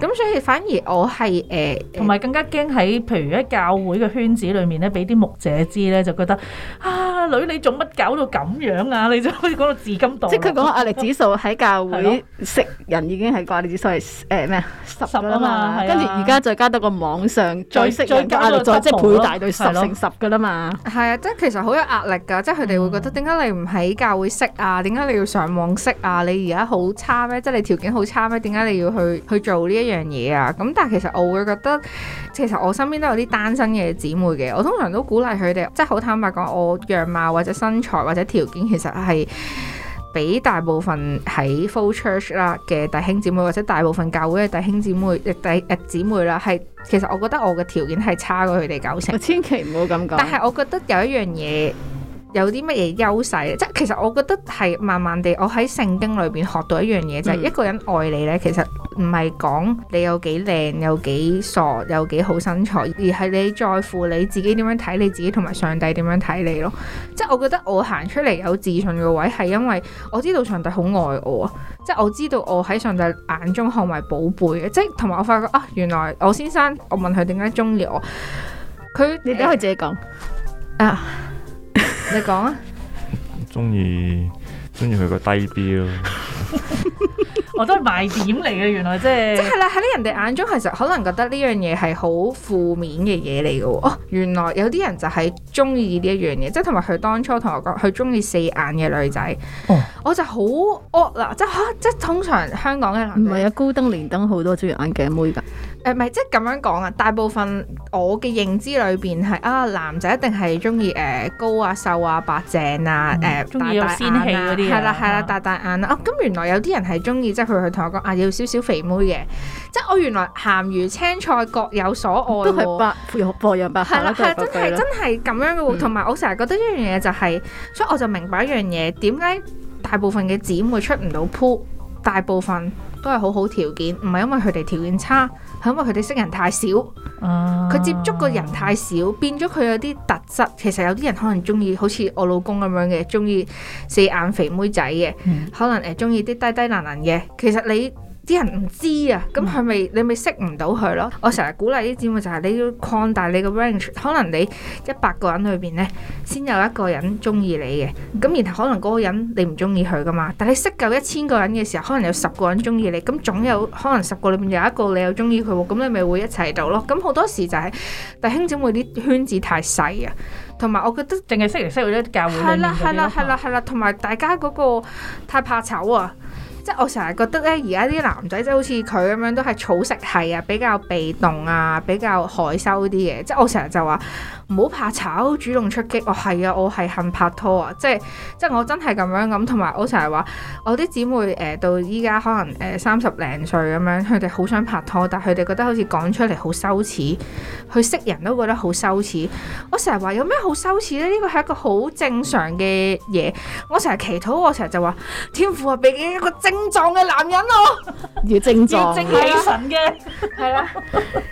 咁所以反而我係誒，同埋更加驚喺譬如喺教會嘅圈子裏面咧，俾啲牧者知咧，就覺得啊，女你做乜搞到咁樣啊？你就可以講到至今度？即係佢講壓力指數喺教會識人已經係壓力指數係誒咩啊十啦嘛，跟住而家再加多個網上再識人加到再即係倍大對十。成十噶啦嘛，係啊，即係其實好有壓力噶，即係佢哋會覺得點解你唔喺教會識啊？點解你要上網識啊？你而家好差咩？即係你條件好差咩？點解你要去去做呢一樣嘢啊？咁但係其實我會覺得，其實我身邊都有啲單身嘅姊妹嘅，我通常都鼓勵佢哋，即係好坦白講，我樣貌或者身材或者條件其實係。比大部分喺 Full Church 啦嘅弟兄姊妹，或者大部分教會嘅弟兄姊妹亦弟姊妹啦，係其實我覺得我嘅條件係差過佢哋九成。我千祈唔好咁講。但係我覺得有一樣嘢。有啲乜嘢優勢？即係其實我覺得係慢慢地，我喺聖經裏邊學到一樣嘢，嗯、就係一個人愛你呢，其實唔係講你有幾靚、有幾傻、有幾好身材，而係你在乎你自己點樣睇你自己，同埋上帝點樣睇你咯。即係我覺得我行出嚟有自信嘅位，係因為我知道上帝好愛我，即係我知道我喺上帝眼中看為寶貝嘅。即係同埋我發覺啊，原來我先生，我問佢點解中意我，佢你都可以自己講啊。你講啊，中意中意佢個低標，我都係賣點嚟嘅。原來即係即係啦，喺你人哋眼中，其實可能覺得呢樣嘢係好負面嘅嘢嚟嘅。哦，原來有啲人就係中意呢一樣嘢，即係同埋佢當初同我講，佢中意四眼嘅女仔。哦，我就好惡啦，即係吓即係通常香港嘅男唔係啊，高登連登好多中意眼鏡妹噶。誒，唔係即係咁樣講啊！大部分我嘅認知裏邊係啊，男仔一定係中意誒高啊、瘦啊、白淨啊、誒中意有仙氣啲係啦係啦，大大眼啊！咁原來有啲人係中意即係佢佢同我講啊，要少少肥妹嘅，即係我原來鹹魚青菜各有所愛，啊、都係配合博人百係啦係真係真係咁樣嘅。同埋我成日覺得一樣嘢就係、係，所以我就明白一樣嘢點解大部分嘅姊妹出唔到鋪，大部分都係好好條件，唔係因為佢哋條件差。係因為佢哋識人太少，佢、uh、接觸個人太少，變咗佢有啲特質。其實有啲人可能中意，好似我老公咁樣嘅，中意四眼肥妹仔嘅，mm. 可能誒中意啲低低難難嘅。其實你。啲人唔知啊，咁佢咪你咪識唔到佢咯？我成日鼓勵啲姊妹就係你要擴大你嘅 range，可能你一百個人裏邊咧，先有一個人中意你嘅，咁然後可能嗰個人你唔中意佢噶嘛。但係你識夠一千個人嘅時候，可能有十個人中意你，咁總有可能十個裏面有一個你又中意佢喎，咁你咪會一齊到咯。咁好多時就係、是，弟兄姊妹啲圈子太細啊，同埋我覺得淨係識嚟識去都教會你係啦係啦係啦係啦，同埋大家嗰個太怕醜啊。即係我成日覺得咧，而家啲男仔即係好似佢咁樣，都係草食系啊，比較被動啊，比較害羞啲嘅。即係我成日就話。唔好怕醜，主動出擊。我係啊，我係恨拍拖啊，即係即係我真係咁樣咁。同埋我成日話我啲姊妹誒到依家可能誒三十零歲咁樣，佢哋好想拍拖，但係佢哋覺得好似講出嚟好羞恥，去識人都覺得好羞恥。我成日話有咩好羞恥咧？呢個係一個好正常嘅嘢。我成日祈禱，我成日就話天父啊，俾你一個精壯嘅男人我，要精壯，精神嘅，係啦。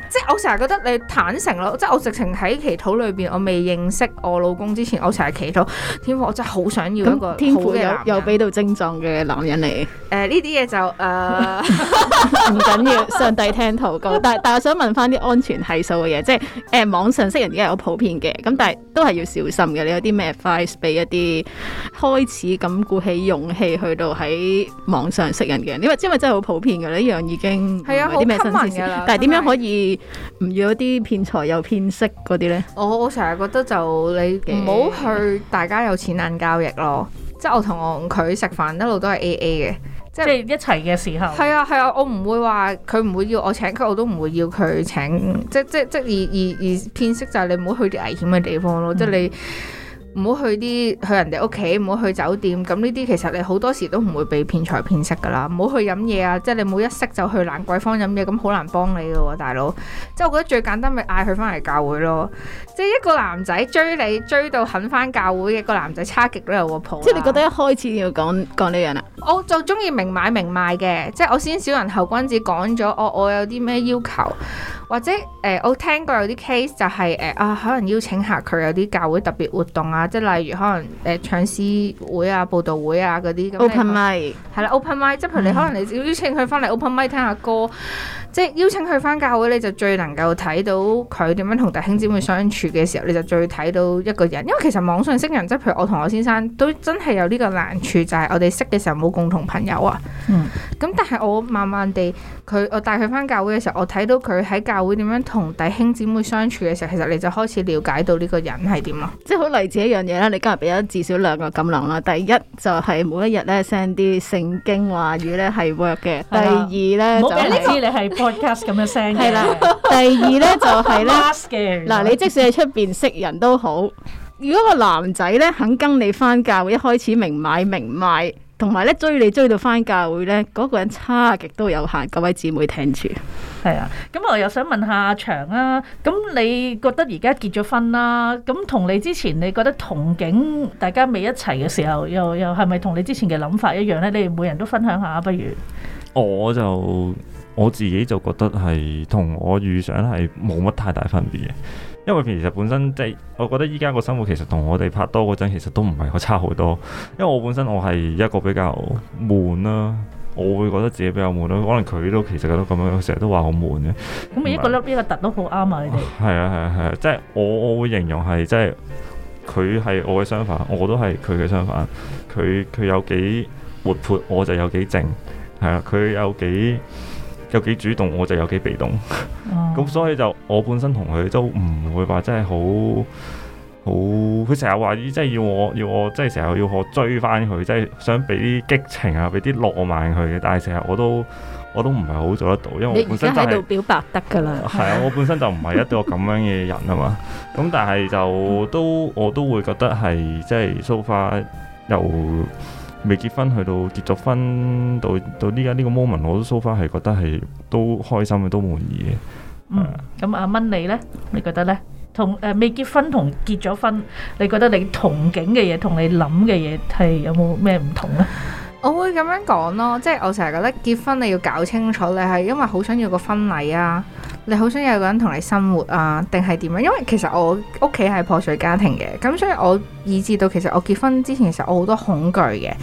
即係我成日覺得你坦誠咯，即係我直情喺祈禱裏。裏邊我未認識我老公之前，我成日祈禱天父，我真係好想要一個天父有有俾到症狀嘅男人嚟。誒呢啲嘢就誒唔緊要，上帝聽禱告。 但但我想問翻啲安全係數嘅嘢，即係誒、呃、網上識人已經係好普遍嘅，咁但係都係要小心嘅。你有啲咩 advice 俾一啲開始咁鼓起勇氣去到喺網上識人嘅，因為因為真係好普遍嘅，呢樣已經係啊啲咩新鮮，但係點樣可以唔要一啲騙財又騙色嗰啲咧？ 我成日覺得就你唔好去，大家有錢硬交易咯。即係我同佢食飯一路都係 A A 嘅，即係一齊嘅時候。係啊係啊，我唔會話佢唔會要我請佢，我都唔會要佢請。即即即，即而而而騙色就係你唔好去啲危險嘅地方咯。嗯、即係你。唔好去啲去人哋屋企，唔好去酒店，咁呢啲其實你好多時都唔會被騙財騙色噶啦。唔好去飲嘢啊，即係你冇一識就去蘭桂坊飲嘢，咁好難幫你噶喎、啊，大佬。即係我覺得最簡單咪嗌佢翻嚟教會咯。即係一個男仔追你追到肯翻教會嘅個男仔，差極都有個譜。即係你覺得一開始要講講呢樣啊？我就中意明買明賣嘅，即係我先小人後君子講咗我我有啲咩要求，或者誒、呃、我聽過有啲 case 就係、是、誒、呃、啊可能邀請下佢有啲教會特別活動啊。即係例如可能誒唱詩會啊、報道會啊嗰啲咁，open mic 係啦，open mic 即譬如你可能你邀請佢翻嚟 open mic 聽下歌。即邀請佢返教會，你就最能夠睇到佢點樣同弟兄姊妹相處嘅時候，你就最睇到一個人。因為其實網上識人，即係譬如我同我先生都真係有呢個難處，就係、是、我哋識嘅時候冇共同朋友啊。咁、嗯、但係我慢慢地，佢我帶佢返教會嘅時候，我睇到佢喺教會點樣同弟兄姊妹相處嘅時候，其實你就開始了解到呢個人係點咯。即係好例子一樣嘢啦，你今日俾咗至少兩個錦囊啦。第一就係、是、每一日咧 send 啲聖經話語咧係 work 嘅。的第二咧別 就你知係。 咁嘅聲嘅， 第二咧就係、是、咧，嗱 你即使喺出邊識人都好，如果個男仔咧肯跟你返教會，一開始明買明賣，同埋咧追你追到返教會咧，嗰、那個人差極都有限。各位姊妹聽住，係啊，咁我又想問,問下阿長啊，咁你覺得而家結咗婚啦，咁同你之前你覺得同境大家未一齊嘅時候，又又係咪同你之前嘅諗法一樣咧？你哋每人都分享下、啊、不如，我就。我自己就覺得係同我預想係冇乜太大分別嘅，因為其實本身即係我覺得依家個生活其實同我哋拍拖嗰陣其實都唔係好差好多。因為我本身我係一個比較悶啦，我會覺得自己比較悶啦。可能佢都其實都咁樣，成日都話好悶嘅。咁咪一個凹一個凸都好啱啊！呢啲係啊係啊係啊，即係我我會形容係即係佢係我嘅相反，我都係佢嘅相反。佢佢有幾活潑，我就有幾靜。係啊，佢有幾。有幾主動我就有幾被動，咁 所以就我本身同佢都唔會話真係好好，佢成日話要即係要我要我即係成日要我追翻佢，即係想俾啲激情啊，俾啲浪漫佢嘅。但係成日我都我都唔係好做得到，因為我本身就喺度表白得噶啦。係 啊，我本身就唔係一個咁樣嘅人啊嘛。咁 但係就都我都會覺得係即係 so far 又。未結婚去到結咗婚到到依家呢個 moment，我都 so far 係覺得係都開心嘅，都滿意嘅、嗯。嗯，咁阿蚊你呢？你覺得呢？同誒、呃、未結婚同結咗婚，你覺得你，你有有同景嘅嘢同你諗嘅嘢係有冇咩唔同呢？我會咁樣講咯，即係我成日覺得結婚你要搞清楚，你係因為好想要個婚禮啊，你好想有個人同你生活啊，定係點樣？因為其實我屋企係破碎家庭嘅，咁所以我以致到其實我結婚之前其實我好多恐懼嘅。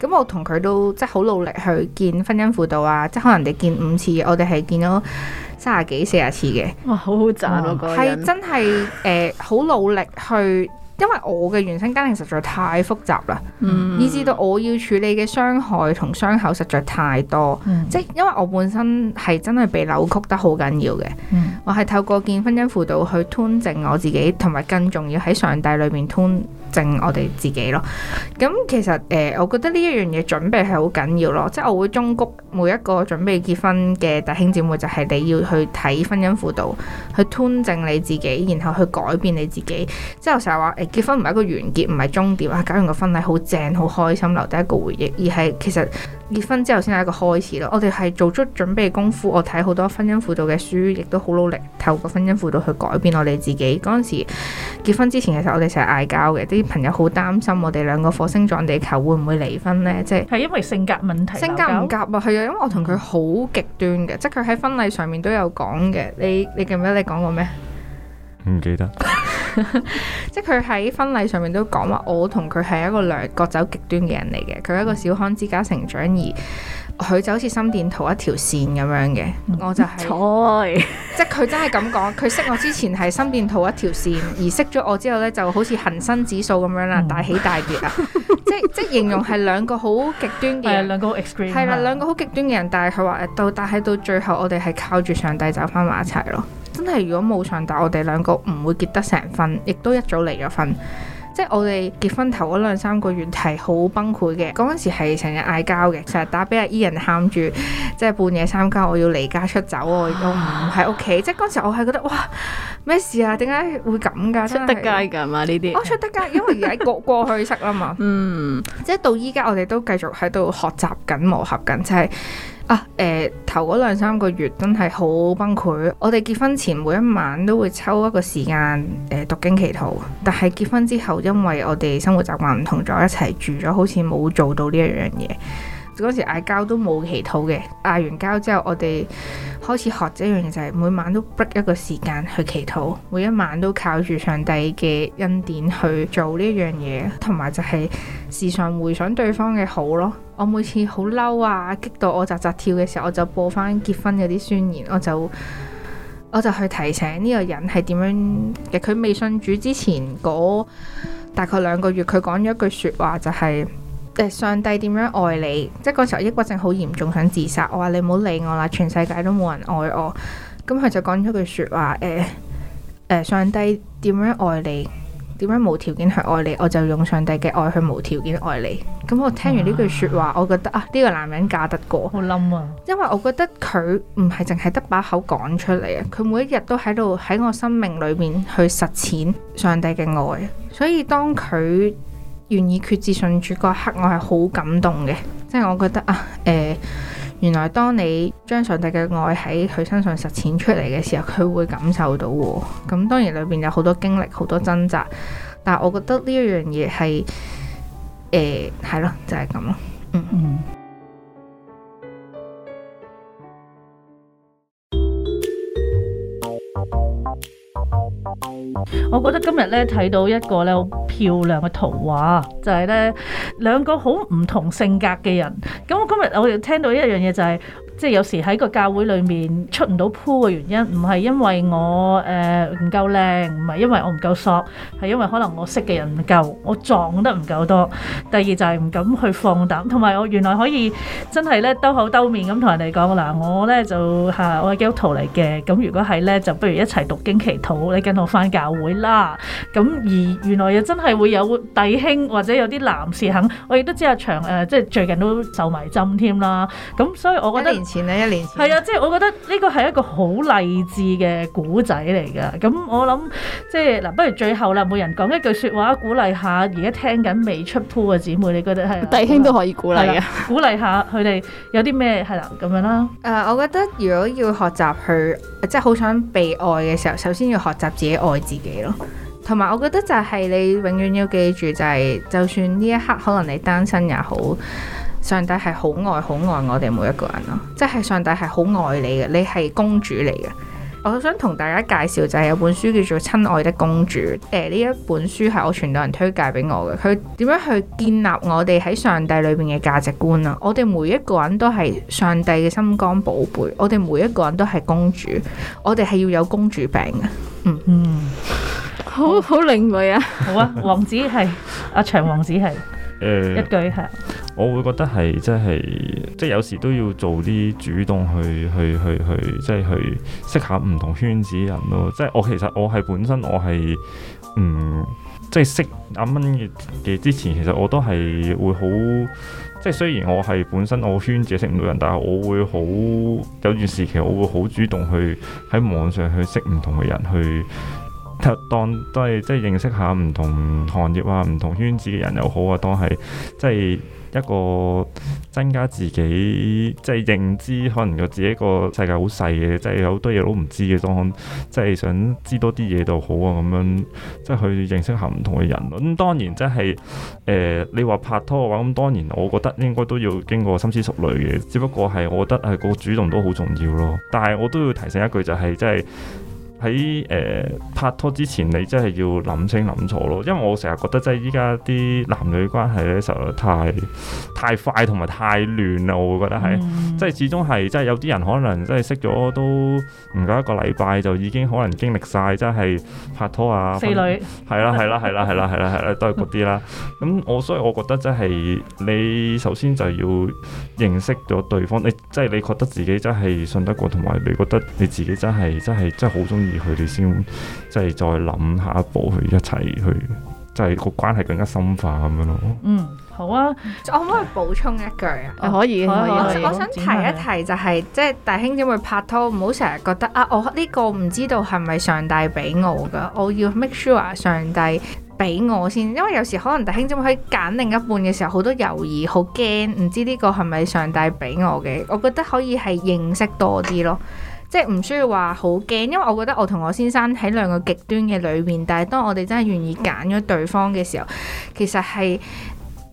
咁我同佢都即係好努力去見婚姻輔導啊，即係可能你見五次，我哋係見到三十幾四十次嘅。哇，好好讚啊！係哇真係誒，好、呃、努力去。因為我嘅原生家庭實在太複雜啦，嗯、以至到我要處理嘅傷害同傷口實在太多，嗯、即因為我本身係真係被扭曲得好緊要嘅，嗯、我係透過見婚姻輔導去吞淨我自己，同埋更重要喺上帝裏面吞。正我哋自己咯，咁、嗯、其實誒、呃，我覺得呢一樣嘢準備係好緊要咯，即係我會忠告每一個準備結婚嘅弟兄姊妹，就係你要去睇婚姻輔導，去端正你自己，然後去改變你自己。即係我成日話誒，結婚唔係一個完結，唔係終點啊，搞完個婚禮好正，好開心，留低一個回憶，而係其實結婚之後先係一個開始咯。我哋係做足準備功夫，我睇好多婚姻輔導嘅書，亦都好努力透過婚姻輔導去改變我哋自己。嗰陣時結婚之前，其實我哋成日嗌交嘅。啲朋友好擔心，我哋兩個火星撞地球會唔會離婚呢？即係係因為性格問題，性格唔夾啊！係啊，因為我同佢好極端嘅，即係佢喺婚禮上面都有講嘅。你你記唔記得你講過咩？唔記得。 即係佢喺婚禮上面都講話，我同佢係一個兩各走極端嘅人嚟嘅。佢係一個小康之家成長而。佢就好似心電圖一條線咁樣嘅，我就係、係， 即係佢真係咁講，佢識我之前係心電圖一條線，而識咗我之後呢，就好似恒生指數咁樣啦，大起大跌啊！嗯、即 即，即形容係兩個好極端嘅，人。 兩個好極端嘅人，但係佢話到，但係到最後我哋係靠住上帝走翻埋一齊咯。真係如果冇上帝，我哋兩個唔會結得成婚，亦都一早離咗婚。即係我哋結婚頭嗰兩三個月係好崩潰嘅，嗰陣時係成日嗌交嘅，成日打俾阿伊人喊住，即係半夜三更我要離家出走，我都唔喺屋企。 即係嗰陣時我係覺得哇，咩事啊？點解會咁噶？啊哦？出得街噶嘛呢啲？我出得街，因為而家過、過去式啦嘛。嗯，即係到依家我哋都繼續喺度學習緊、磨合緊，即係。啊，誒、欸、頭嗰兩三個月真係好崩潰。我哋結婚前每一晚都會抽一個時間誒、欸、讀經祈禱，但係結婚之後，因為我哋生活習慣唔同咗，一齊住咗，好似冇做到呢一樣嘢。嗰時嗌交都冇祈禱嘅，嗌完交之後，我哋開始學一樣嘢就係每晚都 break 一個時間去祈禱，每一晚都靠住上帝嘅恩典去做呢樣嘢，同埋就係時常回想對方嘅好咯。我每次好嬲啊，激到我扎扎跳嘅時候，我就播翻結婚嗰啲宣言，我就我就去提醒呢個人係點樣。其實佢未信主之前嗰大概兩個月，佢講咗一句説話就係。上帝點樣愛你？即係嗰時候抑鬱症好嚴重，想自殺我。我話你唔好理我啦，全世界都冇人愛我。咁佢就講咗句説話：誒、欸、誒、欸、上帝點樣愛你？點樣無條件去愛你？我就用上帝嘅愛去無條件愛你。咁我聽完呢句説話，我覺得啊，呢、呢個男人嫁得過。好冧啊！因為我覺得佢唔係淨係得把口講出嚟啊，佢每一日都喺度喺我生命裏面去實踐上帝嘅愛。所以當佢願意決志信主嗰刻，我係好感動嘅，即係我覺得啊，誒、呃，原來當你將上帝嘅愛喺佢身上實踐出嚟嘅時候，佢會感受到喎。咁當然裏邊有好多經歷，好多掙扎，但係我覺得呢一樣嘢係誒係咯，就係咁咯，嗯嗯。我覺得今日咧睇到一個咧好漂亮嘅圖畫，就係咧兩個好唔同性格嘅人。咁我今日我又聽到一樣嘢就係、是。即係有時喺個教會裏面出唔到 POOL 嘅原因，唔係因為我誒、呃、唔夠靚，唔係因為我唔夠索，係因為可能我識嘅人唔夠，我撞得唔夠多。第二就係唔敢去放膽，同埋我原來可以真係咧兜口兜面咁同人哋講嗱，我咧就嚇、啊、我係基督徒嚟嘅，咁如果係咧就不如一齊讀經祈禱，你跟我返教會啦。咁而原來又真係會有弟兄或者有啲男士肯，我亦都知阿長誒即係最近都受埋針添啦。咁所以我覺得。前一年係啊，即係我覺得呢個係一個好勵志嘅古仔嚟㗎。咁我諗，即係嗱，不如最後啦，每人講一句說話鼓勵下，而家聽緊未出 Pool 嘅姐妹，你覺得係、啊？弟兄都可以鼓勵啊，鼓勵下佢哋有啲咩係啦咁樣啦。誒，uh, 我覺得如果要學習去，即係好想被愛嘅時候，首先要學習自己愛自己咯。同埋，我覺得就係你永遠要記住、就是，就係就算呢一刻可能你單身也好。上帝係好愛好愛我哋每一個人咯，即係上帝係好愛你嘅，你係公主嚟嘅。我想同大家介紹就係、是、有本書叫做《親愛的公主》，誒、呃、呢一本書係我傳道人推介俾我嘅。佢點樣去建立我哋喺上帝裏邊嘅價值觀啊？我哋每一個人都係上帝嘅心肝寶貝，我哋每一個人都係公主，我哋係要有公主病嘅。嗯嗯，好好靈慧啊！好啊，王子係 阿長王子係。誒，呃、一句嚇，我會覺得係即係，即係有時都要做啲主動去去去去，即係去識下唔同圈子人咯。即係我其實我係本身我係，嗯，即係識阿蚊嘅之前，其實我都係會好，即係雖然我係本身我圈子識唔到人，但係我會好有段時期，我會好主動去喺網上去識唔同嘅人去。當都係即係認識下唔同行業啊、唔同圈子嘅人又好啊，當係即係一個增加自己即係、即係、認知，可能個自己個世界好細嘅，即係好多嘢都唔知嘅，當即係想知多啲嘢就好啊，咁樣即係去認識下唔同嘅人咯。咁當然即係誒，你話拍拖嘅話，咁當然我覺得應該都要經過深思熟慮嘅，只不過係我覺得係個主動都好重要咯。但係我都要提醒一句、即係，就係即係。即係喺誒、呃、拍拖之前，你真係要諗清諗楚咯。因為我成日覺得即係依家啲男女關係咧，實在太太快同埋太亂啦。我會覺得係，即係、嗯、始終係即係有啲人可能即係識咗都唔夠一個禮拜，就已經可能經歷晒真係拍拖啊，四女，係啦係啦係啦係啦係啦係啦，都係嗰啲啦。咁我所以，我覺得即、就、係、是、你首先就要認識咗對方，你即係、就是、你覺得自己真係信得過同埋你覺得你自己真係真係真係好中意。而佢哋先即係再諗下一步，去一齊去，即係個關係更加深化咁樣咯。嗯，好啊，我可唔可以補充一句啊？可以，可以，可以。我想提一提就係，即係大兄姐妹拍拖，唔好成日覺得啊，我呢個唔知道係咪上帝俾我噶？我要 make sure 上帝俾我先，因為有時可能大兄姐妹可以揀另一半嘅時候，好多猶豫，好驚，唔知呢個係咪上帝俾我嘅？我覺得可以係認識多啲咯。即係唔需要話好驚，因為我覺得我同我先生喺兩個極端嘅裏面。但係當我哋真係願意揀咗對方嘅時候，其實係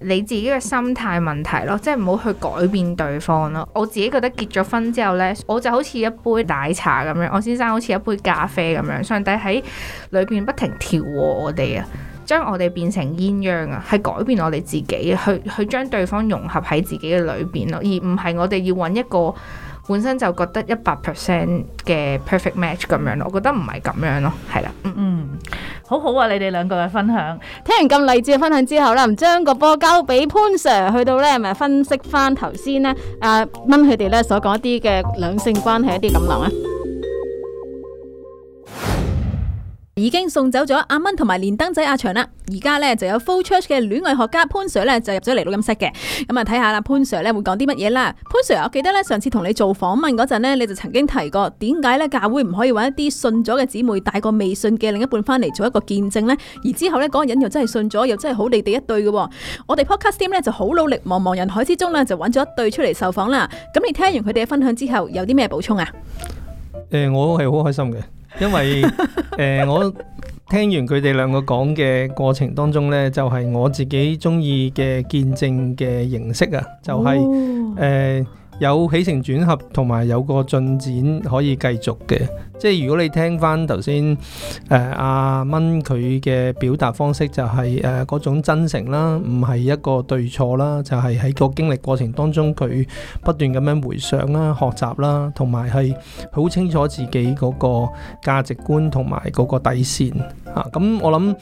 你自己嘅心態問題咯，即係唔好去改變對方咯。我自己覺得結咗婚之後呢，我就好似一杯奶茶咁樣，我先生好似一杯咖啡咁樣。上帝喺裏面不停調和我哋啊，將我哋變成鴛鴦啊，係改變我哋自己，去去將對方融合喺自己嘅裏邊咯，而唔係我哋要揾一個。本身就覺得一百 percent 嘅 perfect match 咁樣咯，我覺得唔係咁樣咯，係啦，嗯嗯，好好啊，你哋兩個嘅分享，聽完咁勵志嘅分享之後咧，唔將個波交俾潘 Sir 去到咧，咪分析翻頭先咧，誒、啊、問佢哋咧所講一啲嘅兩性關係一啲咁諗啊。已經送走咗阿蚊同埋連登仔阿長啦，而家咧就有 Full Church 嘅戀愛學家潘 Sir 咧就入咗嚟錄音室嘅，咁啊睇下啦，看看潘 Sir 咧會講啲乜嘢啦？潘 Sir，我記得咧上次同你做訪問嗰陣呢，你就曾經提過點解咧教會唔可以揾一啲信咗嘅姊妹帶個未信嘅另一半翻嚟做一個見證呢？而之後呢，嗰個人又真係信咗，又真係好哋哋一對嘅。我哋 Podcast Team 咧就好努力，茫茫人海之中咧就揾咗一對出嚟受訪啦。咁你聽完佢哋嘅分享之後，有啲咩補充啊？誒、呃，我係好開心嘅。 因為誒、呃，我聽完佢哋兩個講嘅過程當中咧，就係、是、我自己中意嘅見證嘅形式啊，就係、是、誒、呃、有起承轉合，同埋有個進展可以繼續嘅。即係如果你聽翻頭先誒阿蚊佢嘅表達方式、就是，就係誒嗰種真誠啦，唔係一個對錯啦，就係、是、喺個經歷過程當中，佢不斷咁樣回想啦、學習啦，同埋係好清楚自己嗰個價值觀同埋嗰個底線嚇。咁、啊、我諗誒、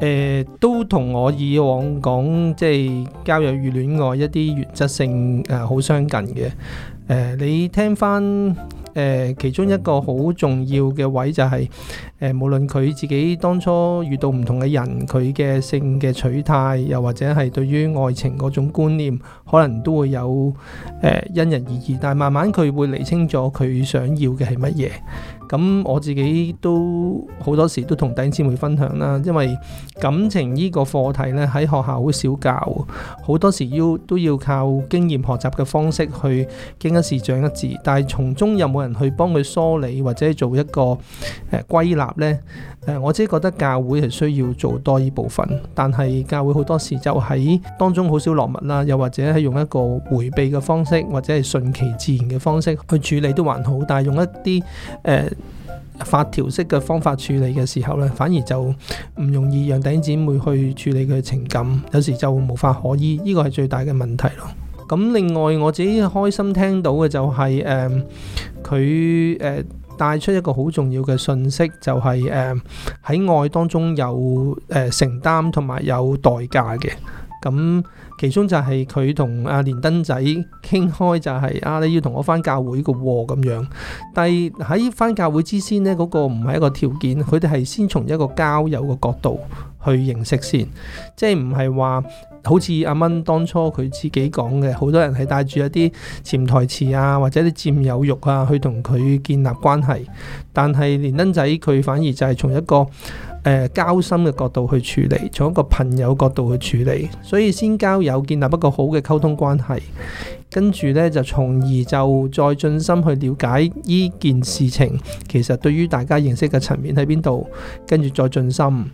呃、都同我以往講即係交友與戀愛一啲原則性誒好、呃、相近嘅誒、呃，你聽翻。誒、呃，其中一個好重要嘅位就係、是。誒無論佢自己當初遇到唔同嘅人，佢嘅性嘅取態，又或者係對於愛情嗰種觀念，可能都會有、呃、因人而異。但係慢慢佢會釐清咗佢想要嘅係乜嘢。咁我自己都好多時都同弟姊妹分享啦，因為感情呢個課題呢，喺學校好少教，好多時要都要靠經驗學習嘅方式去經一事長一智。但係從中有冇人去幫佢梳理或者做一個誒、呃、歸納？呢，誒，我自己覺得教會係需要做多呢部分，但係教會好多時就喺當中好少落墨啦，又或者係用一個回避嘅方式，或者係順其自然嘅方式去處理都還好，但係用一啲誒法條式嘅方法處理嘅時候呢，反而就唔容易讓弟姊妹去處理佢嘅情感，有時就無法可依，呢個係最大嘅問題咯。咁另外我自己開心聽到嘅就係，誒，佢誒。帶出一個好重要嘅訊息，就係誒喺愛當中有誒承擔同埋有代價嘅。咁其中就係佢同阿連登仔傾開，就係啊你要同我返教會嘅咁樣。但係喺返教會之先呢，嗰個唔係一個條件，佢哋係先從一個交友嘅角度去認識先，即係唔係話。好似阿蚊當初佢自己講嘅，好多人係帶住一啲潛台詞啊，或者啲佔有欲啊，去同佢建立關係。但係連登仔佢反而就係從一個誒、呃、交心嘅角度去處理，從一個朋友角度去處理，所以先交友建立一個好嘅溝通關係，跟住呢，就從而就再進深去了解呢件事情。其實對於大家認識嘅層面喺邊度，跟住再進深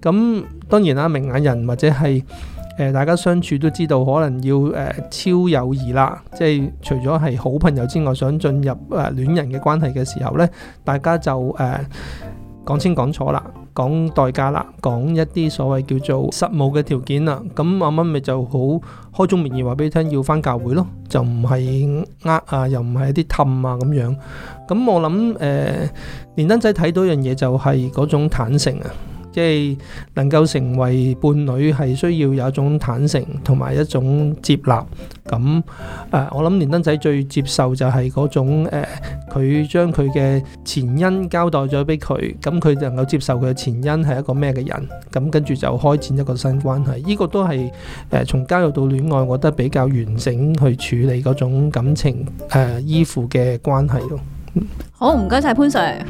咁。當然啦，明眼人或者係～誒大家相處都知道，可能要誒超友誼啦，即係除咗係好朋友之外，想進入誒戀人嘅關係嘅時候咧，大家就誒講清講楚啦，講代價啦，講一啲所謂叫做實務嘅條件啦。咁阿蚊咪就好開宗明義話俾你聽，要返教會咯，就唔係呃啊，又唔係一啲氹啊咁樣。咁我諗誒，連登仔睇到樣嘢就係嗰種坦誠啊。即係能夠成為伴侶，係需要有一種坦誠同埋一種接納。咁誒、呃，我諗連登仔最接受就係嗰種佢、呃、將佢嘅前因交代咗俾佢，咁佢能夠接受佢嘅前因係一個咩嘅人，咁跟住就開展一個新關係。呢個都係誒、呃，從交友到戀愛，我覺得比較完整去處理嗰種感情誒、呃、依附嘅關係咯。好，唔該晒潘 Sir。